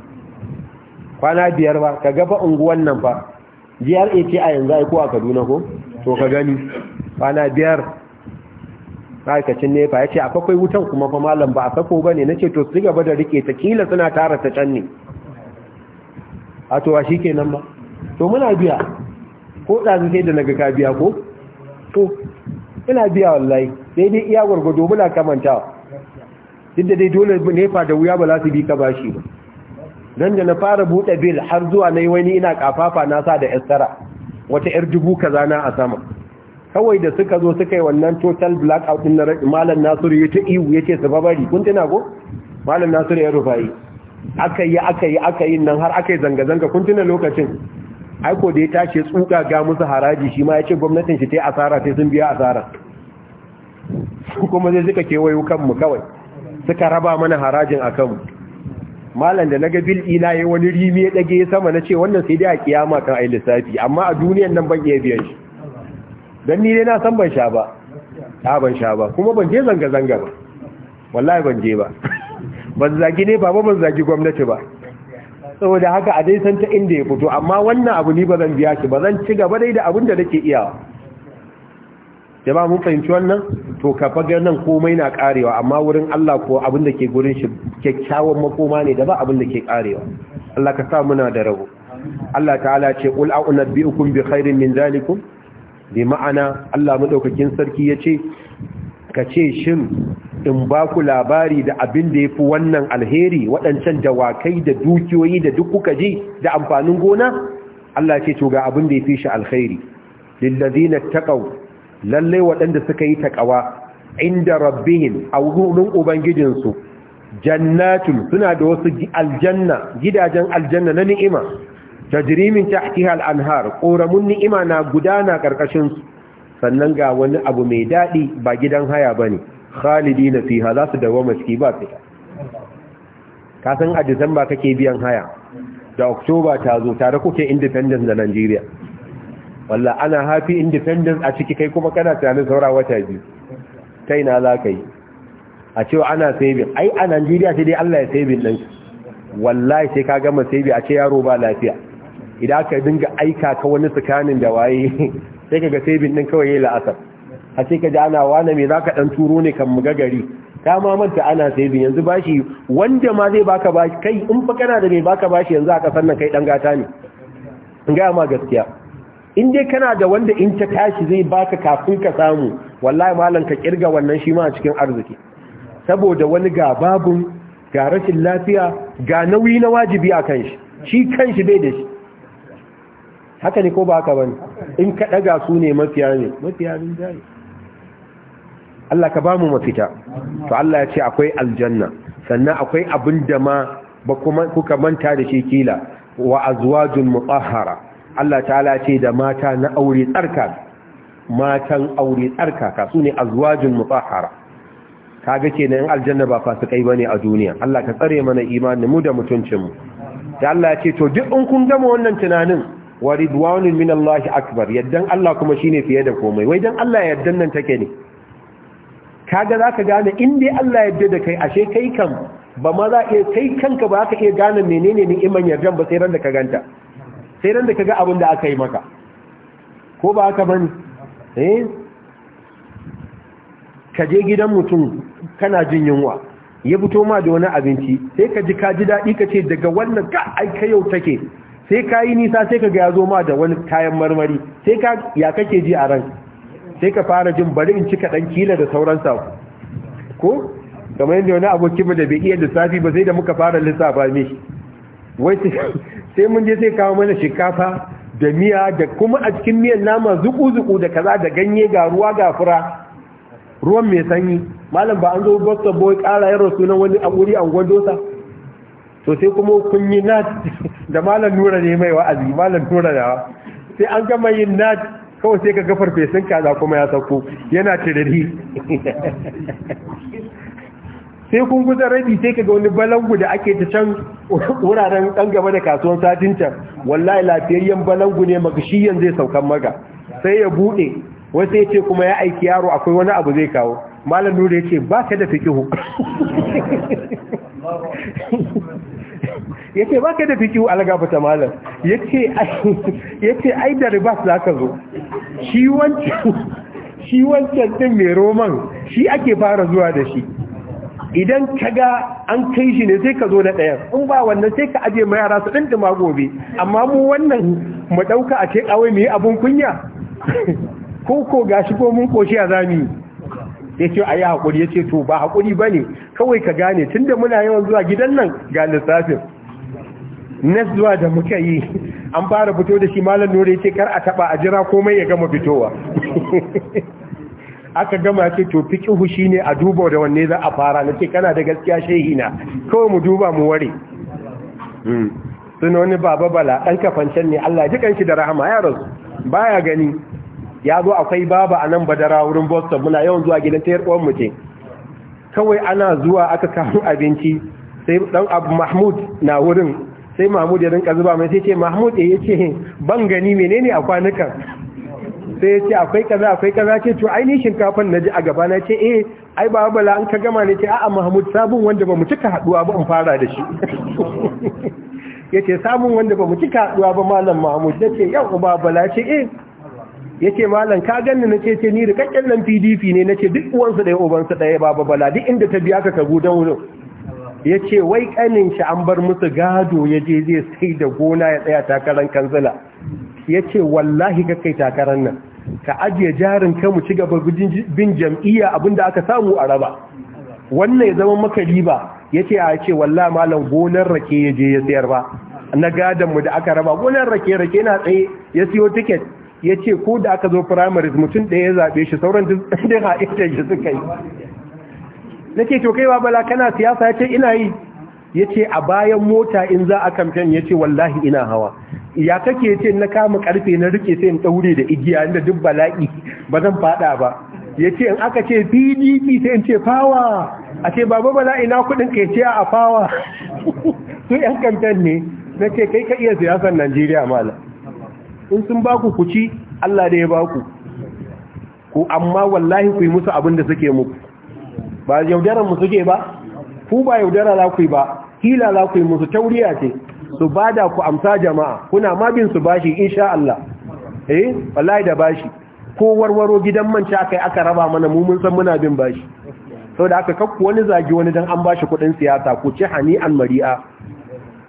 kwana biyar ba ka gafa unguwan nan fa GRA ce a yanzu ai ko a Kaduna ko to ka gani kwana biyar ma'aikacin nefa ya ce a fakwai wutan kuma fa malam ba a sako ba ne na ce to su gaba da rike ta kila suna tara ta can ne a towa shi ke nan ba to muna biya ko ɗazu sai da na ga ka biya ko to ina biya wallahi sai dai iya gwargwado muna kamantawa duk da dai dole nefa da wuya ba za su bi ka bashi ba don da na fara buɗe bil har zuwa na yi wani ina kafafa na sa da estara wata 'yar dubu kaza na a sama kawai da suka zo suka yi wannan total blackout din na malam nasiru ya ta iwu ya ce su babari kun tuna ko malam nasiru ya yi. aka yi aka yi aka yi nan har aka yi zanga-zanga kun tuna lokacin aiko da ya tashi tsuka ga musu haraji shi ma ya ce gwamnatin shi ta yi asara sai sun biya asara kuma zai suka kewayo kanmu kawai suka raba mana harajin a kanmu malam da na ga bil'ina ya wani rimi ya ɗage sama na ce wannan sai dai a kiyama kan ai lissafi amma a duniyan nan ban iya biyan shi don ni dai na san ban sha ba ta ban sha ba kuma ban je zanga-zanga ba wallahi ban je ba ban zagi ne ba ba ban zagi gwamnati ba saboda haka a dai san ta inda ya fito amma wannan abu ni ba zan biya shi ba zan ci gaba dai da abin da nake iyawa jama mun fahimci wannan to ka faga nan komai na karewa amma wurin Allah ko abin da ke gurin shi kyakkyawan makoma ne da ba abin da ke karewa Allah ka sa muna da rabo Allah ta'ala ce qul a'unabbi'ukum bi khairin min zalikum bi ma'ana Allah madaukakin sarki yace kace shin in ba ku labari da abin da yafi wannan alheri waɗancan dawakai da dukiyoyi da duk kuka ji da amfanin gona Allah ce to ga abin da ya fi shi alheri lillazina taqaw lalle waɗanda suka yi takawa inda rabbihim a wurin ubangijinsu jannatun suna da wasu aljanna gidajen aljanna na ni'ima tajrimin tahtiha al-anhar ƙoramun ni'ima na gudana karkashin su sannan ga wani abu mai daɗi ba gidan haya bane khalidina fiha za su dawo maski ba fita ka san a Disamba kake biyan haya da Oktoba ta zo tare kuke independence da Najeriya walla ana happy independence a ciki kai kuma kana tunanin saura wata biyu kai na za ka yi a cewa ana saving ai a Najeriya sai dai Allah ya saving ɗin wallahi sai ka gama saving a ce yaro ba lafiya idan aka dinga aika ka wani tsakanin da waye sai kaga bin din kawai yayi la'asar a sai kaji ana wani me zaka dan turo ne kan muga gari ka ma manta ana bin. yanzu bashi wanda ma zai baka bashi kai in fa kana da mai baka bashi yanzu a sannan nan kai dan gata ne in ga ma gaskiya in dai kana da wanda in ta tashi zai baka kafin ka samu wallahi malam ka kirga wannan shi ma a cikin arziki saboda wani ga babun ga rashin lafiya ga nauyi na wajibi a kanshi, shi shi bai da shi haka ne ko ba haka ba in ka daga su ne mafiya ne mafiya ne jari Allah ka bamu mafita to Allah ya ce akwai aljanna sannan akwai abin da ma ba kuma kuka manta da shi kila wa azwajun mutahhara Allah ta'ala ce da mata na aure tsarka matan aure tsarka ka su ne azwajun mutahhara kaga kenan aljanna ba kai bane a duniya Allah ka tsare mana imanin mu da mutuncin mu da Allah ya ce to duk in kun gama wannan tunanin wa ridwanun min akbar yaddan Allah kuma shine fiye da komai wai dan Allah yaddan nan take ne kaga zaka gane in dai Allah yadda da kai ashe kai kan ba ma za iya kai kanka ba ka iya gane menene ne iman yaddan ba sai ran da ka ganta sai ran da ka ga abin da aka yi maka ko ba haka bane eh ka je gidan mutum kana jin yunwa ya fito ma da wani abinci sai ka ji ka ji daɗi ka ce daga wannan ka ai ka yau take sai ka yi nisa sai ka ga ya zo ma da wani kayan marmari sai ka ya kake ji a ran sai ka fara jin bari in cika dan kila da sauran sa ko kamar yadda wani abokin mu da bai iya lissafi ba sai da muka fara lissafa mishi wai sai mun je sai kawo mana shinkafa da miya da kuma a cikin miyan nama zuku-zuku da kaza da ganye ga ruwa ga fura ruwan mai sanyi malam ba an zo bosta boy kara yaro sunan wani a wuri an to sai kuma kun yi nat da malam nura ne mai wa'azi malam nura da sai an gama yin nat kawai sai ka gafar farfesun kaza kuma ya sauko yana tirari sai kun guza rabi sai ka ga wani balangu da ake ta can wuraren ɗan gaba da kasuwan satin can wallahi lafiyayyen balangu ne yanzu zai saukan maga sai ya buɗe wasu ya ce kuma ya aiki yaro akwai wani abu zai kawo malam nura ya ce ba ka da fikihu ya ce ba ka da fikiyu algafata malam ya ce ai da ribas za ka zo shi wancan ɗin mai roman shi ake fara zuwa da shi idan ka ga an kai shi ne sai ka zo da ɗayan in ba wannan sai ka aje ma yara su ɗin ɗima gobe amma mu wannan mu ɗauka a ce ƙawai mai abin kunya ko ko shi ko mun koshi a zami ya ce a yi haƙuri ya ce to ba haƙuri ba ne kawai ka gane tun da muna yawan zuwa gidan nan ga lissafin nasduwa da muka yi an fara fito da shi malam nore ce kar a taba a jira komai ya gama fitowa aka gama ce to shi shine a duba da wanne za a fara nace kana da gaskiya shehi na kawai mu duba mu ware hmm. suna wani baba bala ɗan kafancen ne Allah ji kanshi da rahama ya rasu baya gani ya zo akwai baba a nan badara wurin boston muna yawan zuwa gidan tayar uwan mu ce kawai ana zuwa aka kawo abinci sai dan abu mahmud na wurin sai mahmud ya rinka zuba mai sai ce mahmud eh, ya ce ban gani menene a kwanukan sai ya ce akwai kaza akwai kaza ce to ai ni na ji a gaba na ce eh ai ba bala an ka gama ne ce a'a mahmud sabon wanda ba mu cika haduwa ba in fara da shi yace sabon wanda ba mu cika haduwa ba malam mahmud yace yau ba bala ce eh yace malam ka ganni nace ce ni rikakken nan PDP ne nace duk uwansa da ubansa daya baba bala duk inda ta biya ka ka gudan wurin ya ce wai ƙanin shi an bar musu gado ya je zai sai da gona ya tsaya takarar kanzila ya ce wallahi ka kai takarar nan ka ajiye jarin kamu ci gaba bin jam'iyya abinda aka samu a raba wannan ya zama maka riba ya ce a ce wallahi malam gonar rake ya je ya sayar ba na gadonmu da aka raba gonar rake rake na tsaye ya siyo tiket ya ce ko da aka zo primaries mutum ɗaya ya zaɓe shi sauran duk haɗe shi suka yi na ce to kaiwa bala kana siyasa ya ce ina yi ya a bayan mota in za a kamfen ya ce wallahi ina hawa ya kake yace ce na kama karfe na rike sai in daure da igiya inda duk bala'i ba zan fada ba ya ce in aka ce pdp sai in ce fawa a ce baba bala'i na kudin ka a fawa su yan kamfen ne na ce kai ka iya siyasar najeriya mala in sun baku ku ci allah da ya baku ku amma wallahi ku yi musu abin da suke muku ba yaudarar mu ke ba ku ba yaudara za ku yi ba hila za ku yi musu tauriya ce su ba da ku amsa jama'a kuna ma bin su bashi insha Allah eh wallahi da bashi ko warwaro gidan manci akai aka raba mana mu mun san muna bin bashi saboda aka kakku wani zagi wani dan an bashi kudin siyasa ku ci hani an mari'a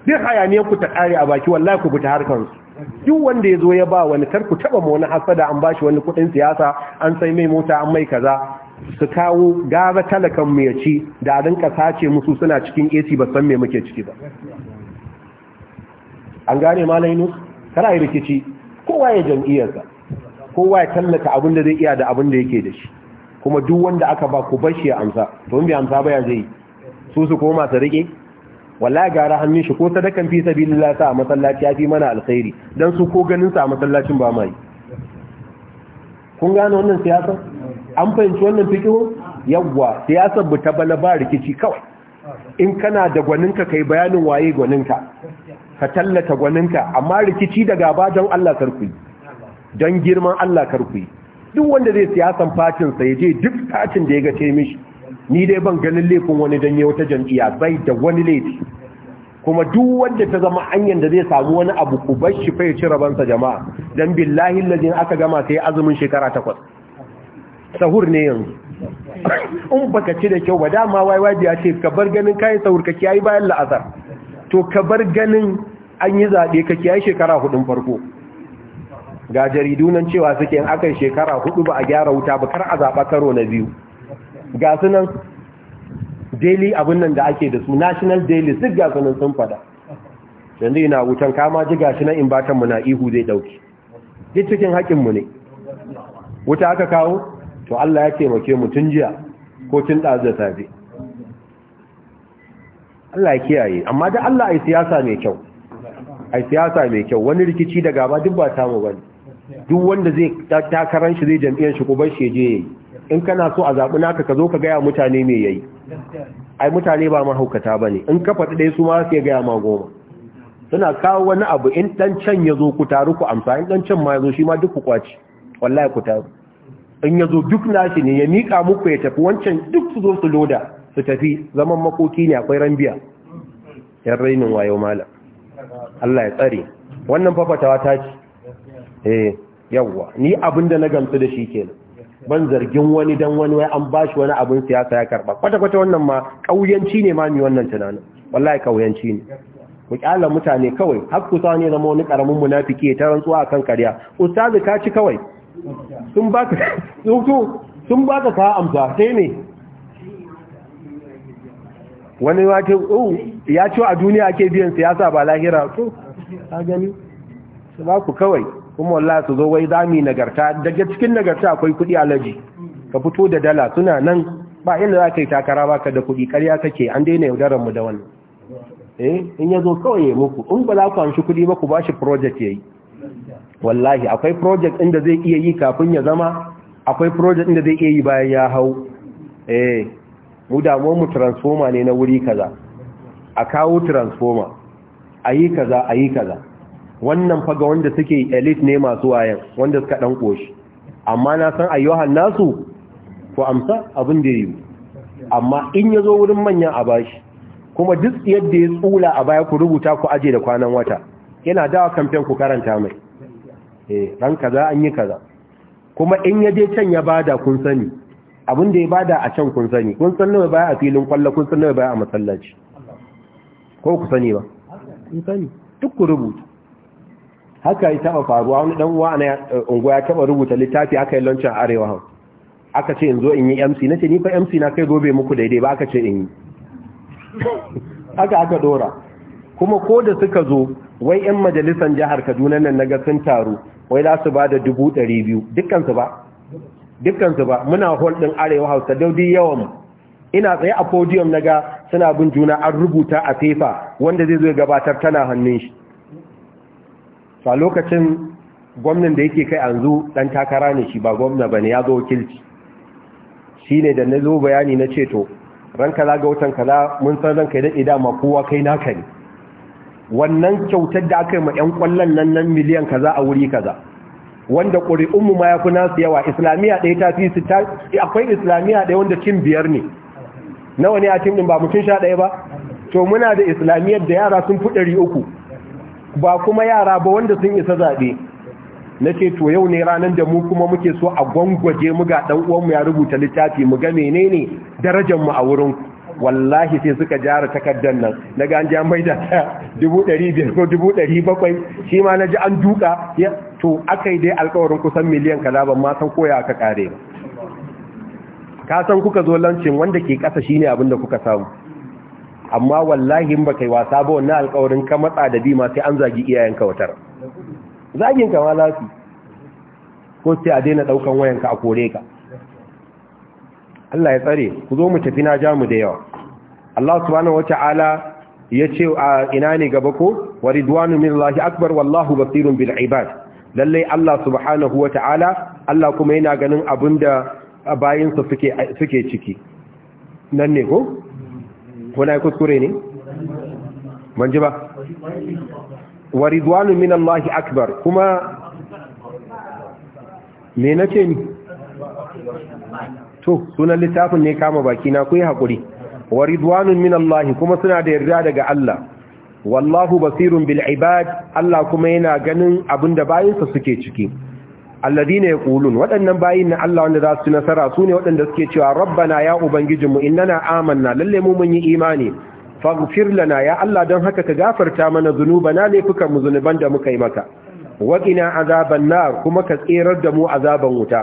duk hayaniyar ku ta kare a baki wallahi ku buta harkan su duk wanda ya zo ya ba wani kar ku taba ma wani hasada an bashi wani kudin siyasa an sai mai mota an mai kaza su kawo gara talakan mu ya ci da kasa ce musu suna cikin AC ba san me muke ciki ba an gane malainu kana yi rikici kowa ya jam'iyyarsa kowa ya tallata abin da zai iya da abin da yake da shi kuma duk wanda aka ba ku bashi ya amsa to in bai amsa ba ya zai su su koma su rike wallahi gara hannun shi ko sadakan fi sabilillah sa a masallaci ya fi mana alkhairi dan su ko ganin sa a masallacin ba mai kun gano wannan siyasa an fahimci wannan fikihu yawwa siyasar mu ta na ba rikici kawai in kana da gwaninka kai bayanin waye gwaninka ka tallata gwaninka amma rikici da gaba don Allah karku don girman Allah karku duk wanda zai siyasan fatin sa je duk fatin da ya gace mishi ni dai ban ganin laifin wani dan ya wata jam'iyya bai da wani laifi kuma duk wanda ta zama hanyar da zai samu wani abu ku bar shi fa ya ci rabansa jama'a dan billahi ladin aka gama sai azumin shekara takwas sahur ne yanzu in baka ci da kyau ba dama wai ya ce ka bar ganin kayan sahur ka kiyaye bayan la'azar to ka bar ganin an yi zaɓe ka kiyaye shekara hudun farko ga jaridu nan cewa suke in aka shekara hudu ba a gyara wuta ba kar a zaɓa karo na biyu ga su daily abin nan da ake da su national daily duk ga su sun fada yanzu ina wutan kama ji gashi nan in batan mu na ihu zai ɗauki. duk cikin ne wuta aka kawo to Allah ya taimake mu tun jiya ko tun ɗazu da safe Allah ya kiyaye amma da Allah ai siyasa mai kyau ai siyasa mai kyau wani rikici da gaba duk ba samu bane duk wanda zai takaran shi zai jami'an shi ko ban shi je yayi in kana so a zabi naka ka zo ka gaya mutane me yayi ai mutane ba mahaukata bane in ka fadi dai su ma sai gaya ma goma suna kawo wani abu in dan can ya zo ku taru ku amsa in dan can ma ya zo shi ma duk ku kwaci wallahi ku taru in ya zo duk nashi ne ya miƙa muku ya tafi wancan duk su zo su loda su tafi zaman makoki ne akwai rambiya yan rainin wayo malam Allah ya tsare wannan fafatawa ta ce eh yawwa ni abin da na gamsu da shi kenan ban zargin wani dan wani wai an bashi wani abin siyasa ya karba kwata kwata wannan ma kauyanci ne ma mi wannan tunanin wallahi kauyanci ne ku kyala mutane kawai har ku ne zama wani karamin munafiki ta rantsuwa akan karya. ustazi ka ci kawai sun ba ka ka amsa sai ne wani wake oh, ya ce a duniya ake biyan siyasa ba lahira su a gani su ba ku kawai kuma wallah su zo wai zami nagarta daga cikin nagarta akwai kudi alaji ka fito da dala suna nan ba inda za ka yi takara ba ka da kudi karya kake an daina yaudarar mu da wani eh in ya zo kawai ya muku in ba za ku amshi kudi ba ku ba shi project ya yi wallahi akwai project inda zai iya yi kafin ya zama akwai project inda zai iya yi bayan ya hau eh mu damuwar mu transformer ne na wuri kaza a kawo transformer a kaza a kaza wannan faga wanda suke elite ne masu wayan wanda suka dan koshi amma na san ayyuhan nasu ko amsa abin da yi amma in ya zo wurin manyan a bashi kuma duk yadda ya tsula a baya ku rubuta ku aje da kwanan wata yana dawa kamfen ku karanta mai ranka eh, za kaza an yi kaza kuma in ya je can ya bada kun sani abin da ya bada a can kun sani kun san nawa baya a filin kwallo kun san nawa baya a masallaci ko ku sani ba kun sani duk ku rubuta haka ya taba faruwa wani dan uwa na eh, unguwa ya taba rubuta littafi aka yi lancin arewa hau aka ce in zo in yi MC nace ni fa MC na kai gobe muku daidai ba aka ce in yi haka aka dora kuma ko da suka zo wai 'yan majalisar jihar kaduna nan naga sun taro wai za su ba da dubu ɗari biyu dukkansu ba dukkansu ba muna hol ɗin arewa hausa daudi yawan ina tsaye a podium na ga suna bin juna an rubuta a fefa wanda zai zo gabatar tana hannun shi a lokacin gwamnan da yake kai zo ɗan takara ne shi ba gwamna ba ne ya zo wakilci shi ne da na zo bayani na ceto ranka za ga watan kaza mun san ranka idan idama kowa kai naka ne wannan kyautar da aka yi ma 'yan kwallon nan nan miliyan kaza a wuri kaza wanda ƙuri'unmu ma ya fi nasu yawa islamiyya ɗaya ta fi su ta akwai islamiyya ɗaya wanda cin biyar ne nawa ne a cin ɗin ba mutum sha ɗaya ba to muna da islamiyyar da yara sun fi ɗari uku ba kuma yara ba wanda sun isa zaɓe na ce to yau ne ranar da mu kuma muke so a gwangwaje mu ga ɗan uwanmu ya rubuta littafi mu ga menene darajar mu a wurinku. wallahi sai suka jara takardar nan na ganja an ji an dubu ɗari biyar ko dubu ɗari bakwai shi ma na ji an duka to aka yi dai alkawarin kusan miliyan kaza ban ma san koya aka kare ba ka san kuka zo lancin wanda ke ƙasa shine abin da kuka samu amma wallahi in baka yi wasa ba wannan alkawarin ka matsa da bi ma sai an zagi iyayen ka watar zagin ka ma lafi ko sai a daina ɗaukan wayanka a kore ka Allah ya tsare ku zo mu tafi na ja mu da yawa Allah subhanahu wata'ala ya ce a ina ne gaba ko wa ridwanu minallahi akbar wallahu basirun bil ibad lalle Allah subhanahu wata'ala Allah kuma yana ganin abinda bayin su suke suke ciki nan ne ko kuna kuskure ne ban ji ba wa ridwanu minallahi akbar kuma me nace ni to sunan littafin ne kama baki na ku yi haƙuri wa ridwanun min Allah kuma suna da yarda daga Allah wallahu basirun bil ibad Allah kuma yana ganin abinda bayinsa suke ciki alladhina yaqulun waɗannan bayin na Allah wanda za su nasara su ne waɗanda suke cewa rabbana ya ubangijinmu innana amanna lalle mu mun yi imani faghfir lana ya Allah don haka ka gafarta mana zunubana laifukan mu zunuban da muka yi maka Waƙina azaban nar kuma ka tserar da mu azaban wuta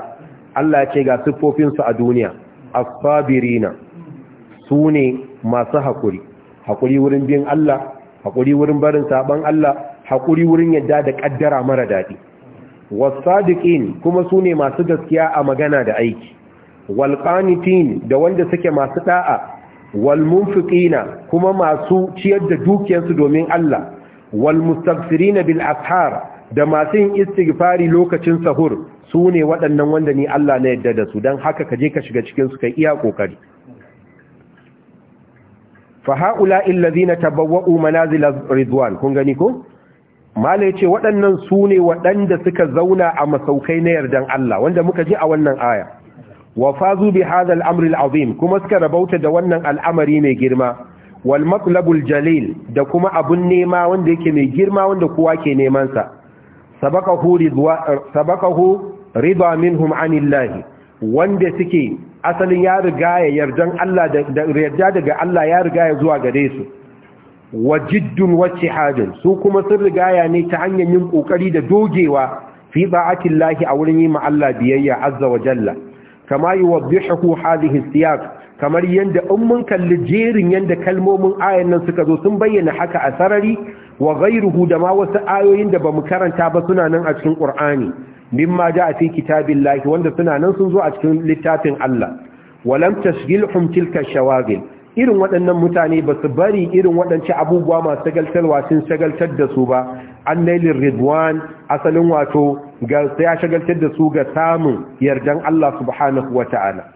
Allah ya ce ga siffofinsu a duniya asabirina su ne masu haƙuri haƙuri wurin bin Allah haƙuri wurin barin saban Allah haƙuri wurin yadda da ƙaddara mara daɗi wasadiqin kuma su ne masu gaskiya a magana da aiki walqanitin da wanda suke masu da'a walmunfiqina kuma masu ciyar da dukiyarsu domin Allah walmustaghfirina bil ashar da masu yin istighfari lokacin sahur su ne waɗannan wanda ni Allah na yadda da su don haka ka je ka shiga su ka iya ƙoƙari faha'ula illazi na tabawa'u manazila ridwan kun gani ko? mala ya ce waɗannan su ne waɗanda suka zauna a masaukai na yardan Allah wanda muka ji a wannan aya wa fazu bi hadha al azim kuma suka rabauta da wannan al'amari mai girma wal matlabul jalil da kuma abun nema wanda yake mai girma wanda kowa ke nemansa. sa riba minhum anillahi wanda suke asalin ya riga ya yardan Allah da yarda daga Allah ya riga ya zuwa gare su wajiddun wacce hajin su kuma sun rigaya ne ta hanyar yin kokari da dogewa fi ba'atillahi a wurin yi ma Allah biyayya azza wa jalla kama yuwaddihu hadhihi siyaq kamar yanda in mun kalli jerin yanda kalmomin ayan nan suka zo sun bayyana haka a sarari wa ghayruhu da ma wasu ayoyin da bamu karanta ba suna nan a cikin Qur'ani mimma ja a fi kitabillahi wanda suna nan sun zo a cikin littafin Allah walam tashghilhum tilka shawagil irin waɗannan mutane ba su bari irin waɗancan abubuwa masu sagaltarwa sun shagaltar da su ba an nailin ridwan asalin wato ga ya shagaltar da su ga samun yardan Allah subhanahu wa ta'ala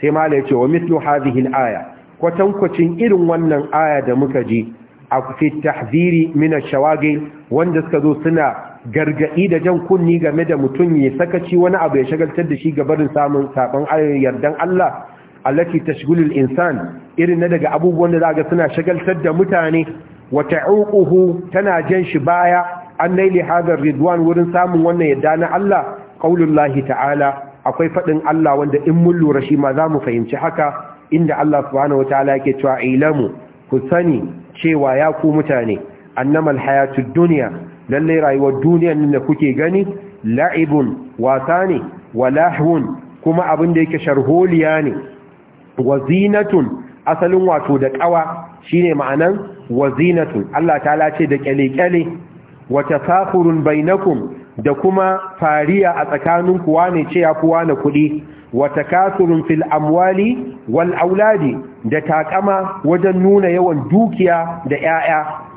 sai ma ya ce wa mislu hadhihi al-aya kwatankwacin irin wannan aya da muka ji a fi tahziri min ash-shawagil wanda suka zo suna gargaɗi da jan kunni game da mutum ya sakaci wani abu ya shagaltar da shi gabarin samun saban yardan Allah allati shigulul insan irin na daga abubuwan da zaka suna shagaltar da mutane Wata ta'uquhu tana jan shi baya an naili hadar ridwan wurin samun wannan yadda na Allah qaulullahi ta'ala akwai faɗin Allah wanda in mun lura shi ma zamu fahimci haka inda Allah subhanahu wataala yake cewa ilamu ku sani cewa ya ku mutane annamal hayatud duniya. lalle rayuwar duniyan da kuke gani la'ibun wasa ne wa lahwun kuma abin da yake sharholiya ne wa zinatun asalin wato da kawa shine ma'anan wa zinatun Allah ta ce da kyale-kyale wa tasafurun bainakum da kuma fariya a tsakanin kuwa ce ya kuwa na kuɗi wa takasurun fil amwali wal auladi da takama wajen nuna yawan dukiya da 'ya'ya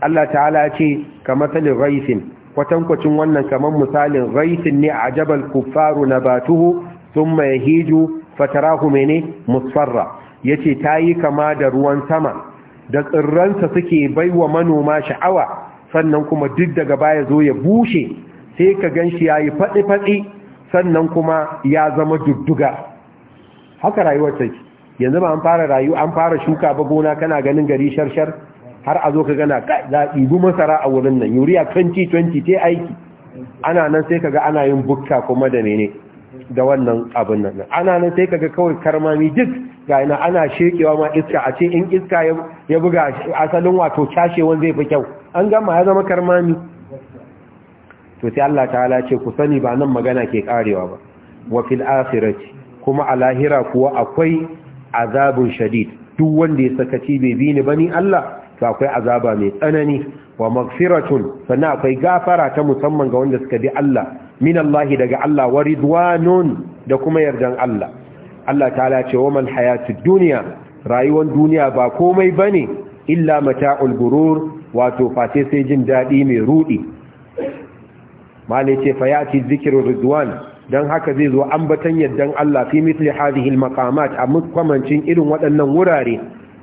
Allah ta'ala ce kamar talin raisin kwatankwacin wannan kamar misalin raisin ne a jabal kuffaru na batuhu sun mai hiju fatarahu mene musfarra ya ce ta yi kama da ruwan sama da tsirransa suke bai wa manoma sha'awa sannan kuma duk daga baya zo ya bushe sai ka gan shi ya yi faɗi-faɗi sannan kuma ya zama dudduga haka rayuwar take yanzu ba an fara rayu an fara shuka ba gona kana ganin gari sharshar har a zo ka gana za a masara a wurin nan yuriya 2020 ta aiki ana nan sai kaga ana yin bukka kuma da mene da wannan abin nan ana nan sai kaga kawai karmami duk ga ina ana shekewa ma iska a ce in iska ya buga asalin wato cashewan zai fi kyau an gama ya zama karmami to sai Allah ta'ala ce ku sani ba nan magana ke karewa ba wa fil akhirati kuma a lahira kuwa akwai azabun shadid duk wanda ya sakaci bai bi ni bani Allah to akwai azaba mai tsanani wa magfiratun sannan akwai gafara ta musamman ga wanda suka bi Allah Minallahi daga Allah wa ridwanun da kuma yardan Allah Allah ta'ala ce wa mal hayatud dunya rayuwar duniya ba komai bane illa mata'ul gurur wato face sai jin dadi mai rudi male ce fayati zikirin ridwan dan haka zai zo ambatan yardan Allah fi mithli hadhihi al maqamat a kamancin irin waɗannan wurare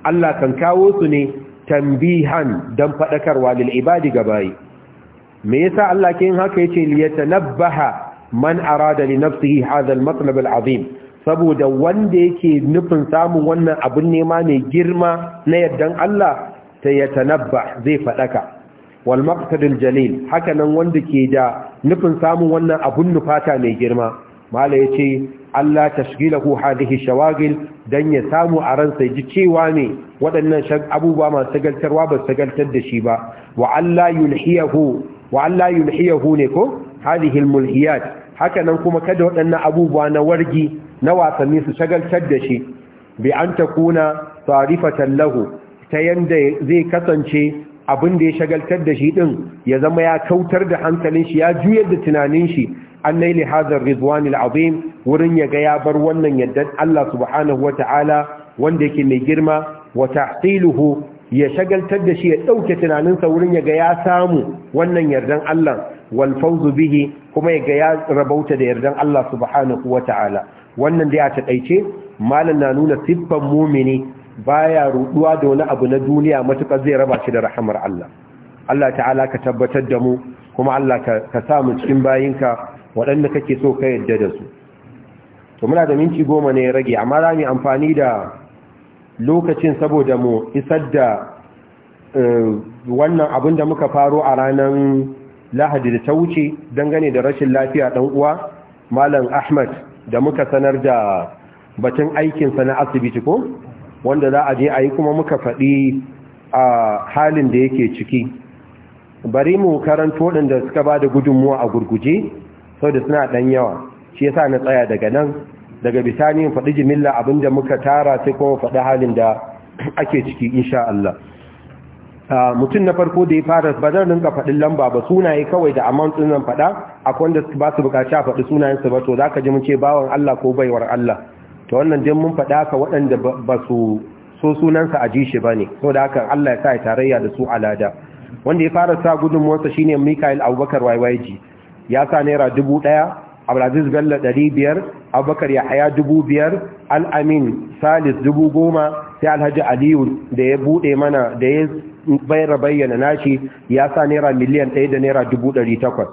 Allah kan kawo su ne tambihan don faɗakarwa lil ibadi gabayi me yasa Allah ke yin haka yace li yatanabbaha man arada li nafsihi hadha al-matlab al-azim saboda wanda yake nufin samun wannan abun nema mai girma na yaddan Allah ta yatanabba zai faɗaka wal maqsadul jalil haka nan wanda ke da nufin samun wannan abun nufata mai girma mala yace Allah tashghilahu hadhihi shawagil dan ya samu a ransa ji cewa ne waɗannan abubuwa masu sagaltarwa ba sagaltar da shi ba wa Allah yulhiyahu wa Allah yulhiyahu ne ko hadhihi almulhiyat haka nan kuma kada waɗannan abubuwa na wargi na wasanni su shagaltar da shi bi an takuna sarifatan lahu ta yanda zai kasance abin da ya shagaltar da shi din ya zama ya kautar da hankalin shi ya juyar da tunanin shi an naili hadar rizwanil azim wurin ya ga ya bar wannan yaddan Allah subhanahu wa ta'ala wanda yake mai girma wa tahsiluhu ya shagaltar da shi ya ɗauke tunaninsa wurin ya ga ya samu wannan yardan Allah wal bihi kuma ya ga ya rabauta da yardan Allah subhanahu wa ta'ala wannan dai a taɗaice malam na nuna siffan mumini baya ruduwa da wani abu na duniya matukar zai raba shi da rahamar Allah Allah ta'ala ka tabbatar da mu kuma Allah ka sa mu cikin bayinka waɗanda kake so ka yadda da su to muna da minti goma ne rage amma za mu amfani da lokacin saboda mu isar da eh, wannan abin da muka faro a ranar lahadi da ta wuce dangane da rashin lafiya ɗan uwa malam ahmad da muka sanar da batun aikinsa na asibiti ko wanda za a je a yi kuma muka faɗi a halin da yake ciki bari mu karanto waɗanda suka ba da gudunmuwa a gurguje Sau da suna ɗan yawa shi yasa na tsaya daga nan daga bisani faɗi jimilla da muka tara sai kuma faɗi halin da ake ciki insha Allah mutum na farko da ya fara ba zan rinka faɗin lamba ba sunaye kawai da amma sun zan faɗa akwai wanda ba su buƙaci a faɗi sunayensa ba to za ka ji mun ce bawan Allah ko baiwar Allah to wannan dai mun faɗa ka waɗanda ba su so sunansa a ji shi ba ne so da haka Allah ya sa ya tarayya da su alada wanda ya fara sa gudunmuwarsa shine Mikael Abubakar YYG ya sa naira dubu ɗaya abdulaziz bello ɗari biyar abubakar yahaya dubu biyar al'amin salis dubu goma sai alhaji aliyu da ya buɗe mana da ya bayar bayyana nashi ya sa naira miliyan ɗaya da naira dubu ɗari takwas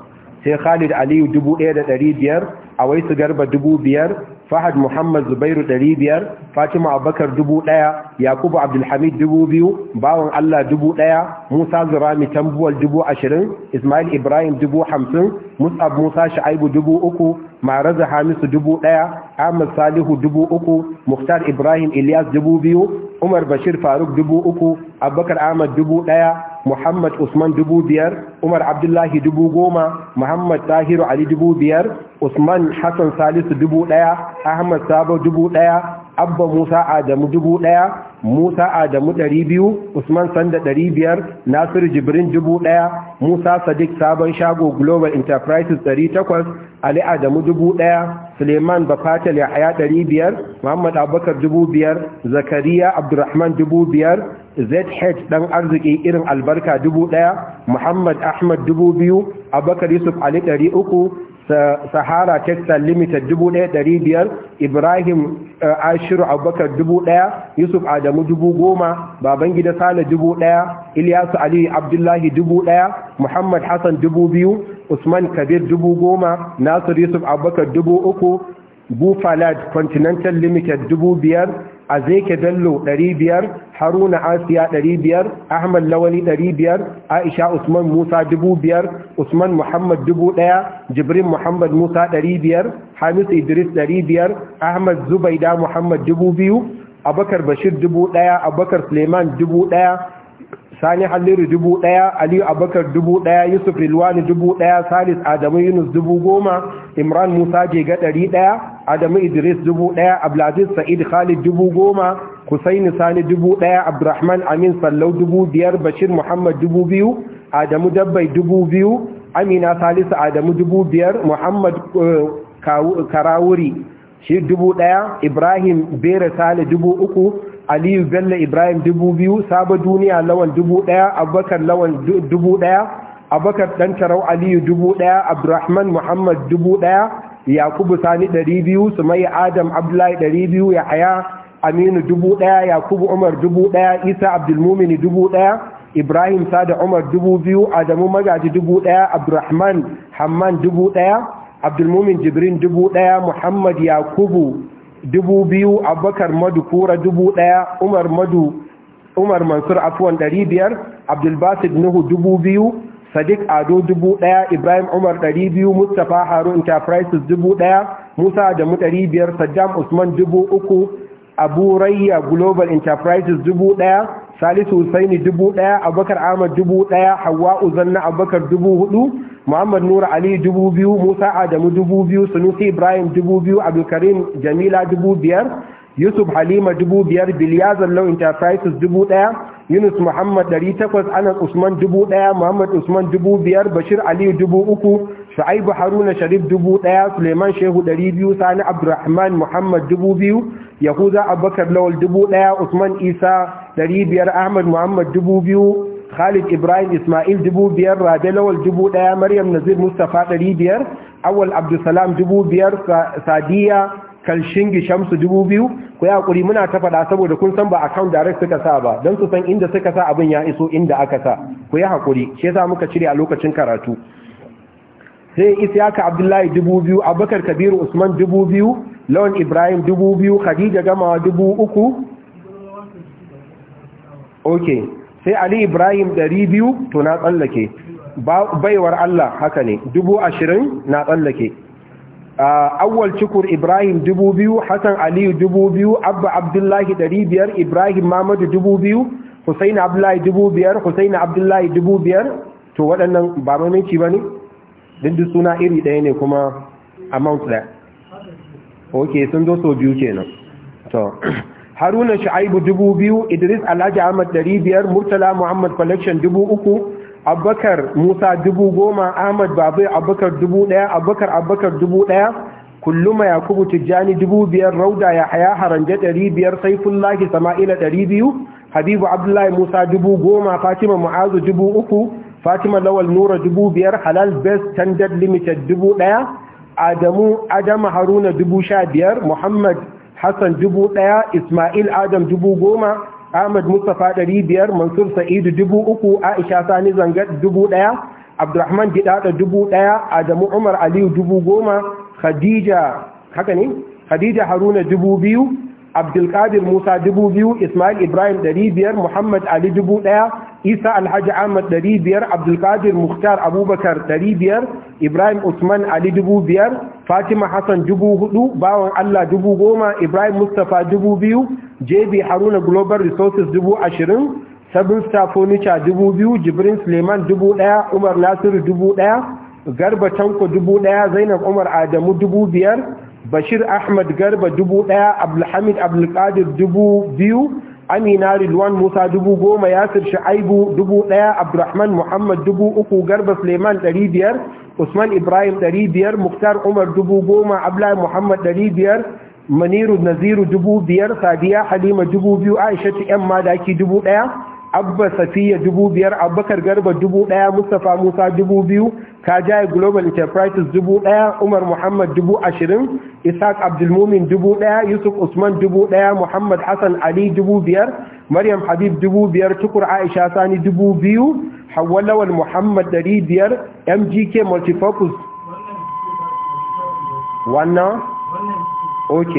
sai khalid aliyu dubu ɗaya da ɗari biyar awaisu garba dubu biyar fahad muhammad zubairu ɗari biyar fatima abubakar dubu ɗaya yakubu abdulhamid dubu biyu bawan allah dubu ɗaya musa zurami tambuwal dubu ashirin ismail ibrahim dubu hamsin musab musa sha'ibu dubu uku maraza hamisu dubu ɗaya ahmad salihu dubu uku muktar ibrahim ilyas dubu biyu umar bashir faruk dubu uku abubakar ahmad dubu ɗaya Muhammad Usman dubu biyar, Umar Abdullahi dubu goma, Muhammad Tahiru Ali dubu biyar, Usman Hassan Salisu dubu ɗaya, Ahmad Sabo dubu ɗaya, Abba Musa Adamu dubu ɗaya, Musa Adamu ɗari biyu, Usman Sanda ɗari biyar, Nasiru Jibrin dubu ɗaya, Musa Sadiq Sabon Shago Global Enterprises ɗari takwas, Ali Adamu dubu ɗaya, Suleiman Bafatal Yahaya ɗari biyar, Muhammad Abubakar dubu biyar, Zakariya Abdurrahman dubu biyar, zh dan arziki irin albarka dubu ɗaya muhammad ahmad dubu biyu abubakar yusuf ali ɗari uku sahara textile limited dubu ɗaya ɗari biyar ibrahim eh, ashiru abubakar dubu ɗaya yusuf adamu dubu goma babangida sale dubu ɗaya ilyasu ali abdullahi dubu ɗaya muhammad hassan dubu biyu usman kabir dubu goma nasir yusuf abubakar dubu uku bufalad continental limited dubu biyar azeke dallo 500 haruna asiya 500 ahmad lawali 500 aisha usman musa 500 usman muhammad 1000 jibrin muhammad musa 500 hamis idris 500 ahmad zubaida muhammad 2000 abakar bashir 1000 abakar suleiman 1000 sani halliru dubu ɗaya aliyu abakar dubu ɗaya yusuf rilwani dubu ɗaya salis adamu yunus dubu goma imran musa jega ɗari ɗaya adamu idris dubu ɗaya abladis sa'id khalid dubu goma kusaini sani dubu ɗaya abdurrahman amin sallau dubu biyar bashir muhammad dubu biyu adamu dabbai dubu biyu amina salisu adamu dubu biyar muhammad eh, karawuri shi dubu ɗaya ibrahim Bera sale dubu uku aliyu bello ibrahim dubu biyu sabo duniya lawan dubu ɗaya abubakar lawan dubu ɗaya abubakar ɗan tarau aliyu dubu ɗaya abdurrahman muhammad dubu ɗaya yakubu sani ɗari biyu sumayya adam abdullahi ɗari biyu yahaya aminu dubu ɗaya yakubu umar dubu ɗaya isa abdulmumini dubu ɗaya ibrahim sada umar dubu biyu adamu magaji dubu ɗaya abdurrahman hamman dubu ɗaya abdulmumin jibrin dubu ɗaya muhammad yakubu dubu biyu abubakar madu kura dubu ɗaya umar madu umar mansur afuwan ɗari biyar abdulbasid nuhu dubu biyu sadiq ado dubu ɗaya ibrahim umar ɗari biyu mustapha harun enterprises dubu ɗaya musa da mu ɗari biyar saddam usman dubu uku abu rayya global enterprises dubu ɗaya salisu husaini dubu ɗaya abubakar ahmad dubu ɗaya hawa uzanna abubakar dubu hudu muhammad nura ali dubu biyu musa adamu dubu biyu sunusi ibrahim dubu biyu abdulkarim jamila dubu biyar yusuf halima dubu biyar biliyaz allo enterprises dubu ɗaya yunus muhammad ɗari takwas anas usman dubu ɗaya muhammad usman dubu biyar bashir aliyu dubu uku shu'aibu haruna sharif dubu ɗaya suleiman shehu ɗari biyu sani abdurrahman muhammad dubu biyu yahuza abubakar lawal dubu ɗaya usman isa ɗari biyar ahmad muhammad dubu biyu khalid ibrahim ismail dubu biyar rabe lawal dubu ɗaya maryam nazir mustapha ɗari biyar awal abdulsalam dubu biyar sadiya kalshingi shamsu dubu biyu ku yi hakuri muna ta faɗa saboda kun san ba account direct suka sa ba don su san inda suka sa abin ya iso inda aka sa ku yi hakuri shi yasa muka cire a lokacin karatu sai isyaka abdullahi dubu biyu abubakar kabiru usman dubu biyu lawan ibrahim dubu biyu khadija gamawa dubu uku ok sai ali ibrahim dari biyu to na tsallake baiwar allah haka ne dubu ashirin na tsallake awwal cikur ibrahim dubu biyu hassan aliyu dubu biyu abba abdullahi dari biyar ibrahim mamadu dubu biyu husaini abdullahi dubu biyar husaini abdullahi dubu biyar to waɗannan ba mamaci ba ne dindin suna iri ɗaya ne kuma amount ɗaya ok sun zo sau biyu kenan to haruna shu'aibu dubu biyu idris alhaji ahmad dari biyar murtala muhammad collection dubu uku abubakar musa dubu goma ahmad Babu abubakar dubu daya abubakar abubakar dubu daya kulluma yakubu tijjani dubu biyar rauda ya haya haranje dari biyar saifullahi sama'ila dari biyu habibu abdullahi musa dubu goma fatima mu'azu dubu uku fatima lawal nura dubu biyar halal best standard limited dubu daya adamu adama haruna dubu sha biyar muhammad hassan dubu ɗaya ismail adam dubu goma ahmad mustapha ɗari biyar mansur sa'idu dubu uku aisha sani zangar dubu ɗaya abdurrahman gidada dubu ɗaya adamu umar aliyu dubu goma khadija haka ne khadija haruna dubu biyu abdulkadir musa dubu biyu ismail ibrahim ɗari biyar muhammad ali dubu ɗaya isa alhaji ahmad ɗari biyar abdulkadir muhtar abubakar ɗari biyar ibrahim usman ali dubu biyar fatima hassan dubu hudu bawan allah dubu goma ibrahim mustapha dubu biyu jb haruna global resources dubu ashirin sabin star furniture dubu biyu jibrin suleiman dubu ɗaya umar nasiru dubu ɗaya garba tanko dubu ɗaya zainab umar adamu dubu biyar bashir ahmad garba dubu ɗaya abdulhamid abdulkadir dubu biyu amina rilwan musa dubu goma yasir sha'aibu dubu ɗaya abdurrahman muhammad dubu uku garba suleiman ɗari biyar usman ibrahim ɗari biyar muktar umar dubu goma abdullahi muhammad ɗari biyar maniru naziru dubu biyar sadiya halima dubu biyu aisha ta yan madaki dubu ɗaya abba safiya dubu biyar abubakar garba dubu daya mustapha musa dubu biyu kajaya global enterprises dubu daya umar muhammad dubu ashirin isaac abdulmumin dubu daya yusuf usman dubu daya muhammad hassan ali dubu biyar maryam habib dubu biyar tukur aisha sani dubu biyu hawalawal muhammad dari biyar mgk multifocus wannan ok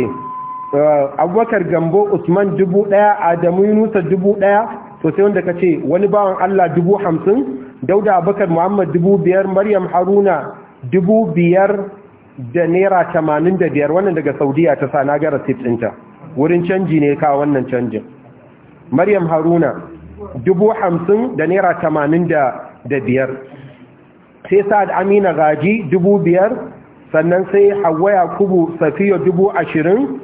abubakar gambo usman dubu daya adamu yunusa dubu daya to sai wanda ka ce wani bawan Allah dubu hamsin dauda abubakar muhammad dubu biyar maryam haruna dubu biyar da naira tamanin da biyar wannan daga saudiya ta sa na gara sit ɗinta wurin canji ne ka wannan canjin maryam haruna dubu hamsin da naira tamanin da biyar sai sa'ad amina gaji dubu biyar sannan sai hawa yakubu safiya dubu ashirin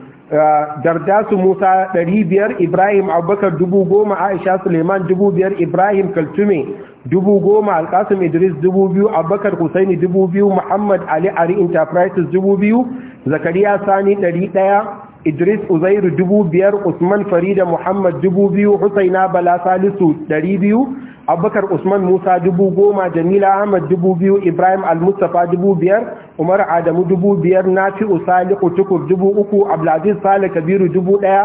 dardasu musa ɗari biyar ibrahim abubakar 10,000 aisha suleiman 5,000 ibrahim kaltume 10,000 alkasim idris 2,000 abubakar husaini 2,000 muhammad ali ari enterprises 2,000 zakariya sani ɗari ɗaya, idris uzairu biyar usman farida muhammad biyu, husaina bala salisu ɗari biyu. abubakar usman musa dubu goma jamila ahmad dubu biyu ibrahim al-mustapha dubu biyar umar adamu dubu biyar nafi'u usali kutukur dubu uku abdulaziz salih kabiru dubu daya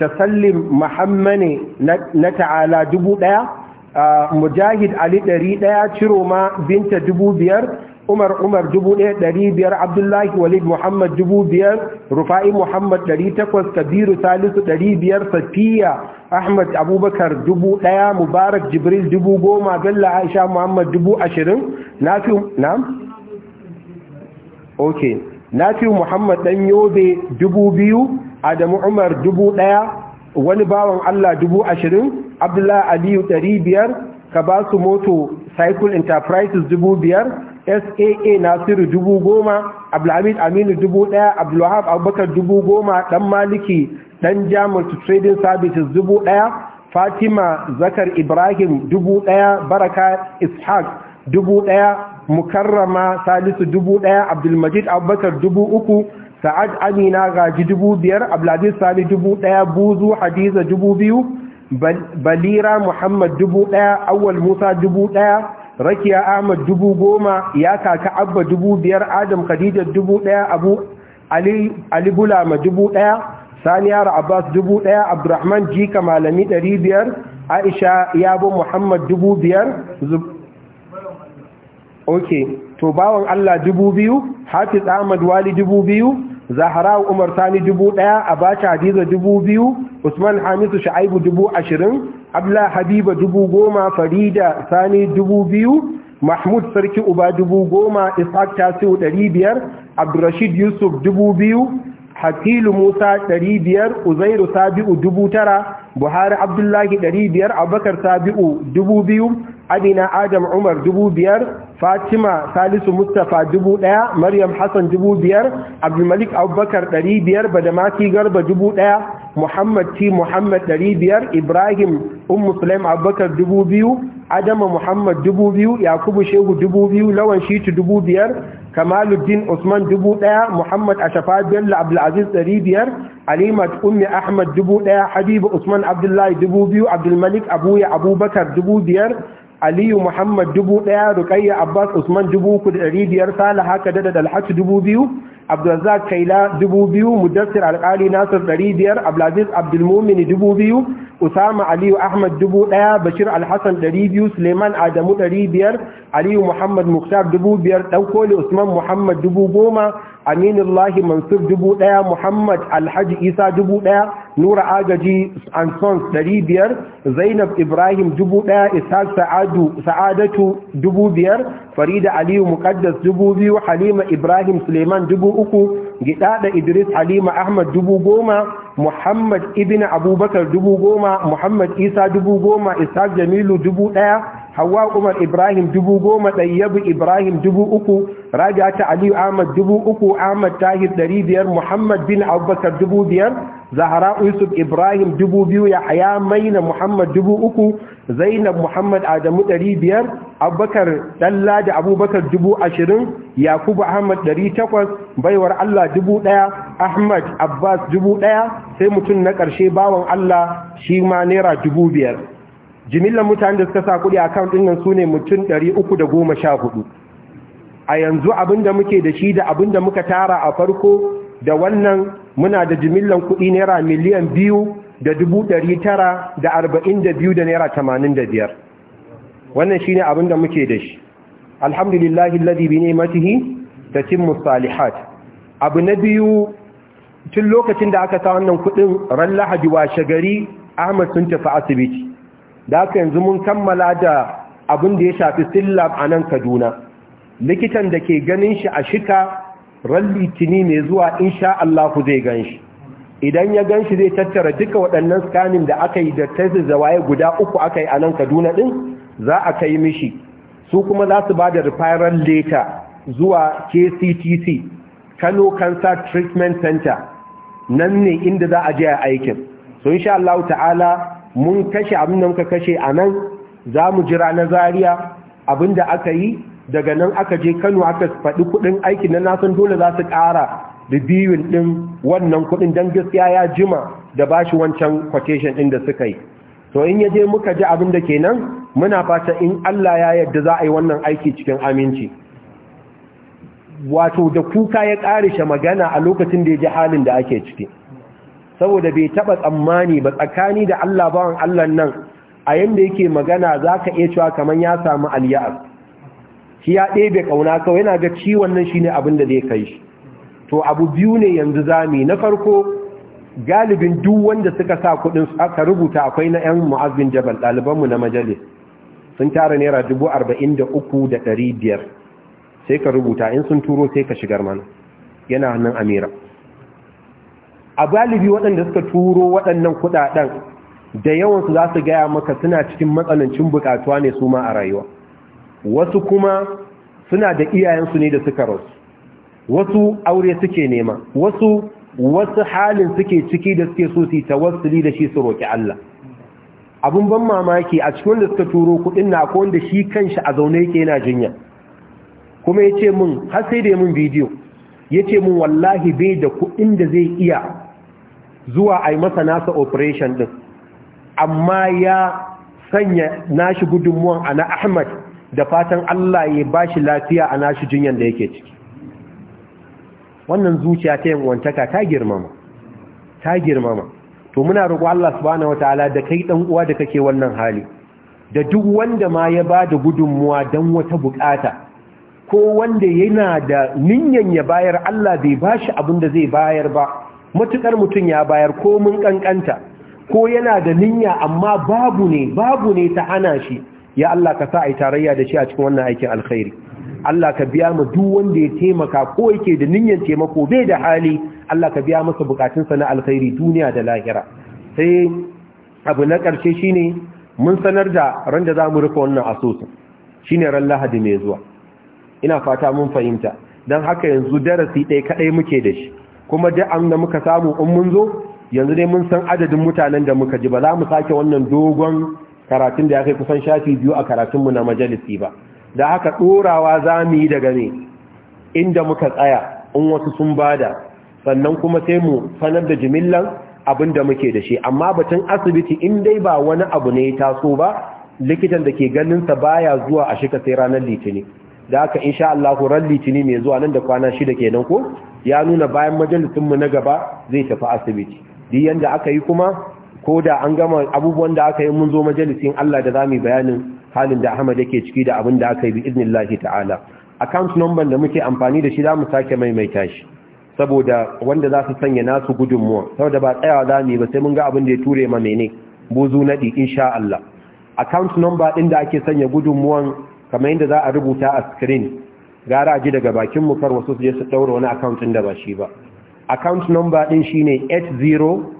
tasallim muhammani na ta'ala dubu daya uh, mujahid ali ɗari ɗaya ciroma binta dubu biyar umar umar dubu ɗaya ɗari biyar abdullahi walid muhammad dubu biyar rufa'i muhammad ɗari takwas kabiru salisu ɗari biyar safiya ahmad abubakar dubu ɗaya mubarak jibril dubu goma bello aisha muhammad dubu ashirin na fi na? ok na fi muhammad ɗan yobe dubu biyu adamu umar dubu ɗaya wani bawan allah dubu ashirin abdullahi aliyu ɗari biyar ka ba su moto cycle enterprises dubu biyar saa nasiru dubu goma abdulhamid aminu dubu ɗaya abdulwahab abubakar dubu goma ɗan maliki ɗan jamus trading services dubu ɗaya fatima zakar ibrahim dubu ɗaya baraka ishaq dubu ɗaya mukarrama salisu dubu ɗaya abdulmajid abubakar dubu uku sa'ad amina gaji dubu biyar abdulaziz sani dubu ɗaya buzu hadiza dubu biyu balira muhammad dubu ɗaya awal musa dubu ɗaya rakiya ahmad dubu goma ya kaka abba dubu biyar adam khadija dubu ɗaya abu ali bulama dubu ɗaya saniyar abbas dubu ɗaya abdurrahman jika malami ɗari biyar aisha yabo muhammad dubu biyar ok to bawan allah dubu biyu hafiz ahmad wali dubu biyu zahara umar sani dubu ɗaya abacha hadiza dubu biyu usman hamisu sha'aibu dubu ashirin abla habiba dubu goma farida sani dubu biyu mahmud sarki uba dubu goma ishaq tasiru ɗari biyar abdurrashid yusuf dubu biyu hakilu musa 500 uzairu sabi'u 9000 buhari abdullahi 500 abubakar sabi'u 2000 adina adam umar 5000 fatima salisu mustafa 1000 maryam hassan biyar abdulmalik abubakar 500 badamati garba 1000 muhammad ti muhammad 500 ibrahim ummu sulaim abubakar 2000 adama muhammad 2000 yakubu shehu 2000 lawan shitu biyar. kamaluddin usman dubu ɗaya muhammad ashafa bello abdulaziz ɗari biyar alimat ummi ahmad dubu ɗaya habibu usman abdullahi dubu biyu abdulmalik abuya abubakar dubu biyar aliyu muhammad dubu ɗaya rukayya abbas usman dubu uku da ɗari biyar sala haka da dalhatu dubu biyu abdulrazak kaila dubu biyu mudassir Alkali nasir ɗari biyar abdulaziz abdulmumini dubu biyu Usama Aliyu Ahmad dubu ɗaya, Bashir Alhassan ɗari biyu, Suleiman Adamu ɗari biyar, Aliyu Muhammad Muktar dubu biyar, Ɗankoli Usman Muhammad dubu goma, Aminullahi Mansur dubu ɗaya, Muhammad Alhaji Isa dubu ɗaya, Nura Agaji Ansons ɗari biyar, Zainab Ibrahim dubu ɗaya, Ishaq Sa'adatu dubu biyar, Farida Aliyu Muqaddas dubu biyu, Halima Ibrahim Suleiman dubu uku, Gidada Idris Halima Ahmad dubu goma, muhammad ibn abubakar dubu goma muhammad isa dubu goma ishaq jamilu dubu ɗaya hawa umar ibrahim dubu goma ɗayyabu ibrahim dubu uku raja aliyu ahmad dubu uku ahmad tahir ɗari biyar muhammad bin abubakar dubu biyar zahra yusuf ibrahim dubu biyu yahaya maina muhammad dubu uku zainab muhammad adamu ɗari biyar abubakar ɗalla da abubakar dubu ashirin yakubu ahmad ɗari takwas baiwar allah dubu ɗaya ahmad abbas dubu ɗaya sai mutum na ƙarshe bawan allah shi ma naira dubu biyar jimillar mutane da suka sa kuɗi a kan ɗinnan su ne mutum ɗari uku da goma sha hudu a yanzu abinda muke da shi da abinda muka tara a farko da wannan muna da jimillan kuɗi naira miliyan biyu da dubu ɗari tara da arba'in da biyu da naira tamanin da biyar wannan shi ne abin da muke da shi alhamdulillahi ladi bi matihi da cin salihat abu na biyu tun lokacin da aka sa wannan kuɗin ran lahadi washe gari ahmad sun tafi asibiti da aka yanzu mun kammala da abin da ya shafi sillab a nan kaduna likitan da ke ganin shi a shika ran litini mai zuwa insha Allah ku zai ganshi idan ya ganshi zai tattara duka waɗannan scanning da aka yi da da waye guda uku aka yi a nan Kaduna din za a kai mishi su kuma za su ba da referral letter zuwa KCTC Kano Cancer Treatment Center nan ne inda za a je a aikin so insha Allah ta'ala mun kashe abin da muka kashe a nan za mu jira na zariya abin da aka yi daga nan aka je Kano aka faɗi kuɗin aiki na nasan dole za su ƙara biyun ɗin wannan kuɗin don gaskiya ya jima da ba shi wancan quotation ɗin da suka yi to in ya je muka ji abin da ke nan, muna fata in Allah ya yarda za a yi wannan aiki cikin aminci wato da kuka ya ƙarishe magana a lokacin da ya ji halin da ake ciki saboda bai taɓa tsammani ba tsakani da Allah bawan Allah nan a yanda yake magana za ka iya cewa kamar ya samu aliyar shi ya ɗebe ƙauna kawai yana ga ciwon nan ne abin da zai kai shi to abu biyu ne yanzu zami na farko galibin duk wanda suka sa kuɗin aka rubuta akwai na 'yan mu'azbin jabal ɗalibanmu na majalis sun tara naira dubu arba'in da uku da ɗari biyar sai ka rubuta in sun turo sai ka shigar mana yana hannun amira a galibi waɗanda suka turo waɗannan kuɗaɗen da yawansu za su gaya maka suna cikin matsanancin buƙatuwa ne su ma a rayuwa wasu kuma suna da iyayensu ne da suka rasu wasu aure suke nema wasu wasu halin suke ciki da suke so su tawassuli da shi su roki Allah abun ban mamaki a cikin wanda suka turo kudin na ko wanda shi kanshi a zaune yake yana jinya kuma yace mun har sai da mun bidiyo yace mun wallahi bai da kudin da zai iya zuwa ai masa nasa operation din amma ya sanya nashi gudunmuwan ana Ahmad da fatan Allah ya bashi lafiya a nashi jinyar da yake ciki wannan zuciya ta yin wantaka ta girmama ta girmama to muna roƙo Allah subhanahu wataala da kai yi uwa da kake wannan hali da duk wanda ma ya ba da gudunmuwa don wata bukata ko wanda yana da ninyan ya bayar Allah bai bashi abin da zai bayar ba matukar mutum ya bayar ko mun kankanta ko yana da ninya amma babu ne babu ne ta hana shi ya Allah ka sa yi tarayya da shi a cikin wannan aikin alkhairi Allah ka biya mu duk wanda ya taimaka ko yake da niyyar taimako bai da hali Allah ka biya masa bukatunsa na alkhairi duniya da lahira sai abu na karshe shine mun sanar da ran da zamu rufe wannan asusun shine ran Lahadi mai zuwa ina fata mun fahimta dan haka yanzu darasi ɗaya kaɗai muke da shi kuma duk an da muka samu in mun zo yanzu dai mun san adadin mutanen da muka ji ba za mu sake wannan dogon karatun da ya kai kusan shafi biyu a karatunmu na majalisi ba da haka ɗorawa za mu yi daga ne inda muka tsaya in wasu sun bada sannan kuma sai mu sanar da jimillan abin da muke da shi amma batun asibiti in dai ba wani abu ne ya taso ba likitan da ke ganinsa baya zuwa a shika sai ranar litini da haka insha Allah ran litini mai zuwa nan da kwana shida kenan ko ya nuna bayan majalisinmu na gaba zai tafi asibiti duk yanda aka yi kuma ko da an gama abubuwan da aka yi mun zo majalisin Allah da zamu bayanin halin da Ahmad yake ciki da abin da aka yi bi iznillahi ta'ala account number da muke amfani da shi zamu sake maimaita shi saboda wanda za su sanya nasu gudunmuwa saboda ba tsayawa zamu yi ba sai mun ga abin da ya ture ma mene buzu nadi insha Allah account number din da ake sanya gudunmuwan kamar yadda za a rubuta a screen gara ji daga bakin mu kar wasu su je su daura wani account din da ba shi ba account number din shine 80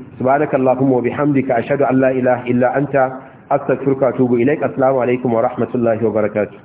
subhanakallahumma wa bihamdika hamdi an la ilaha illa anta astaghfiruka wa atubu ilaik assalamu alaikum wa rahmatullahi wa barakatuh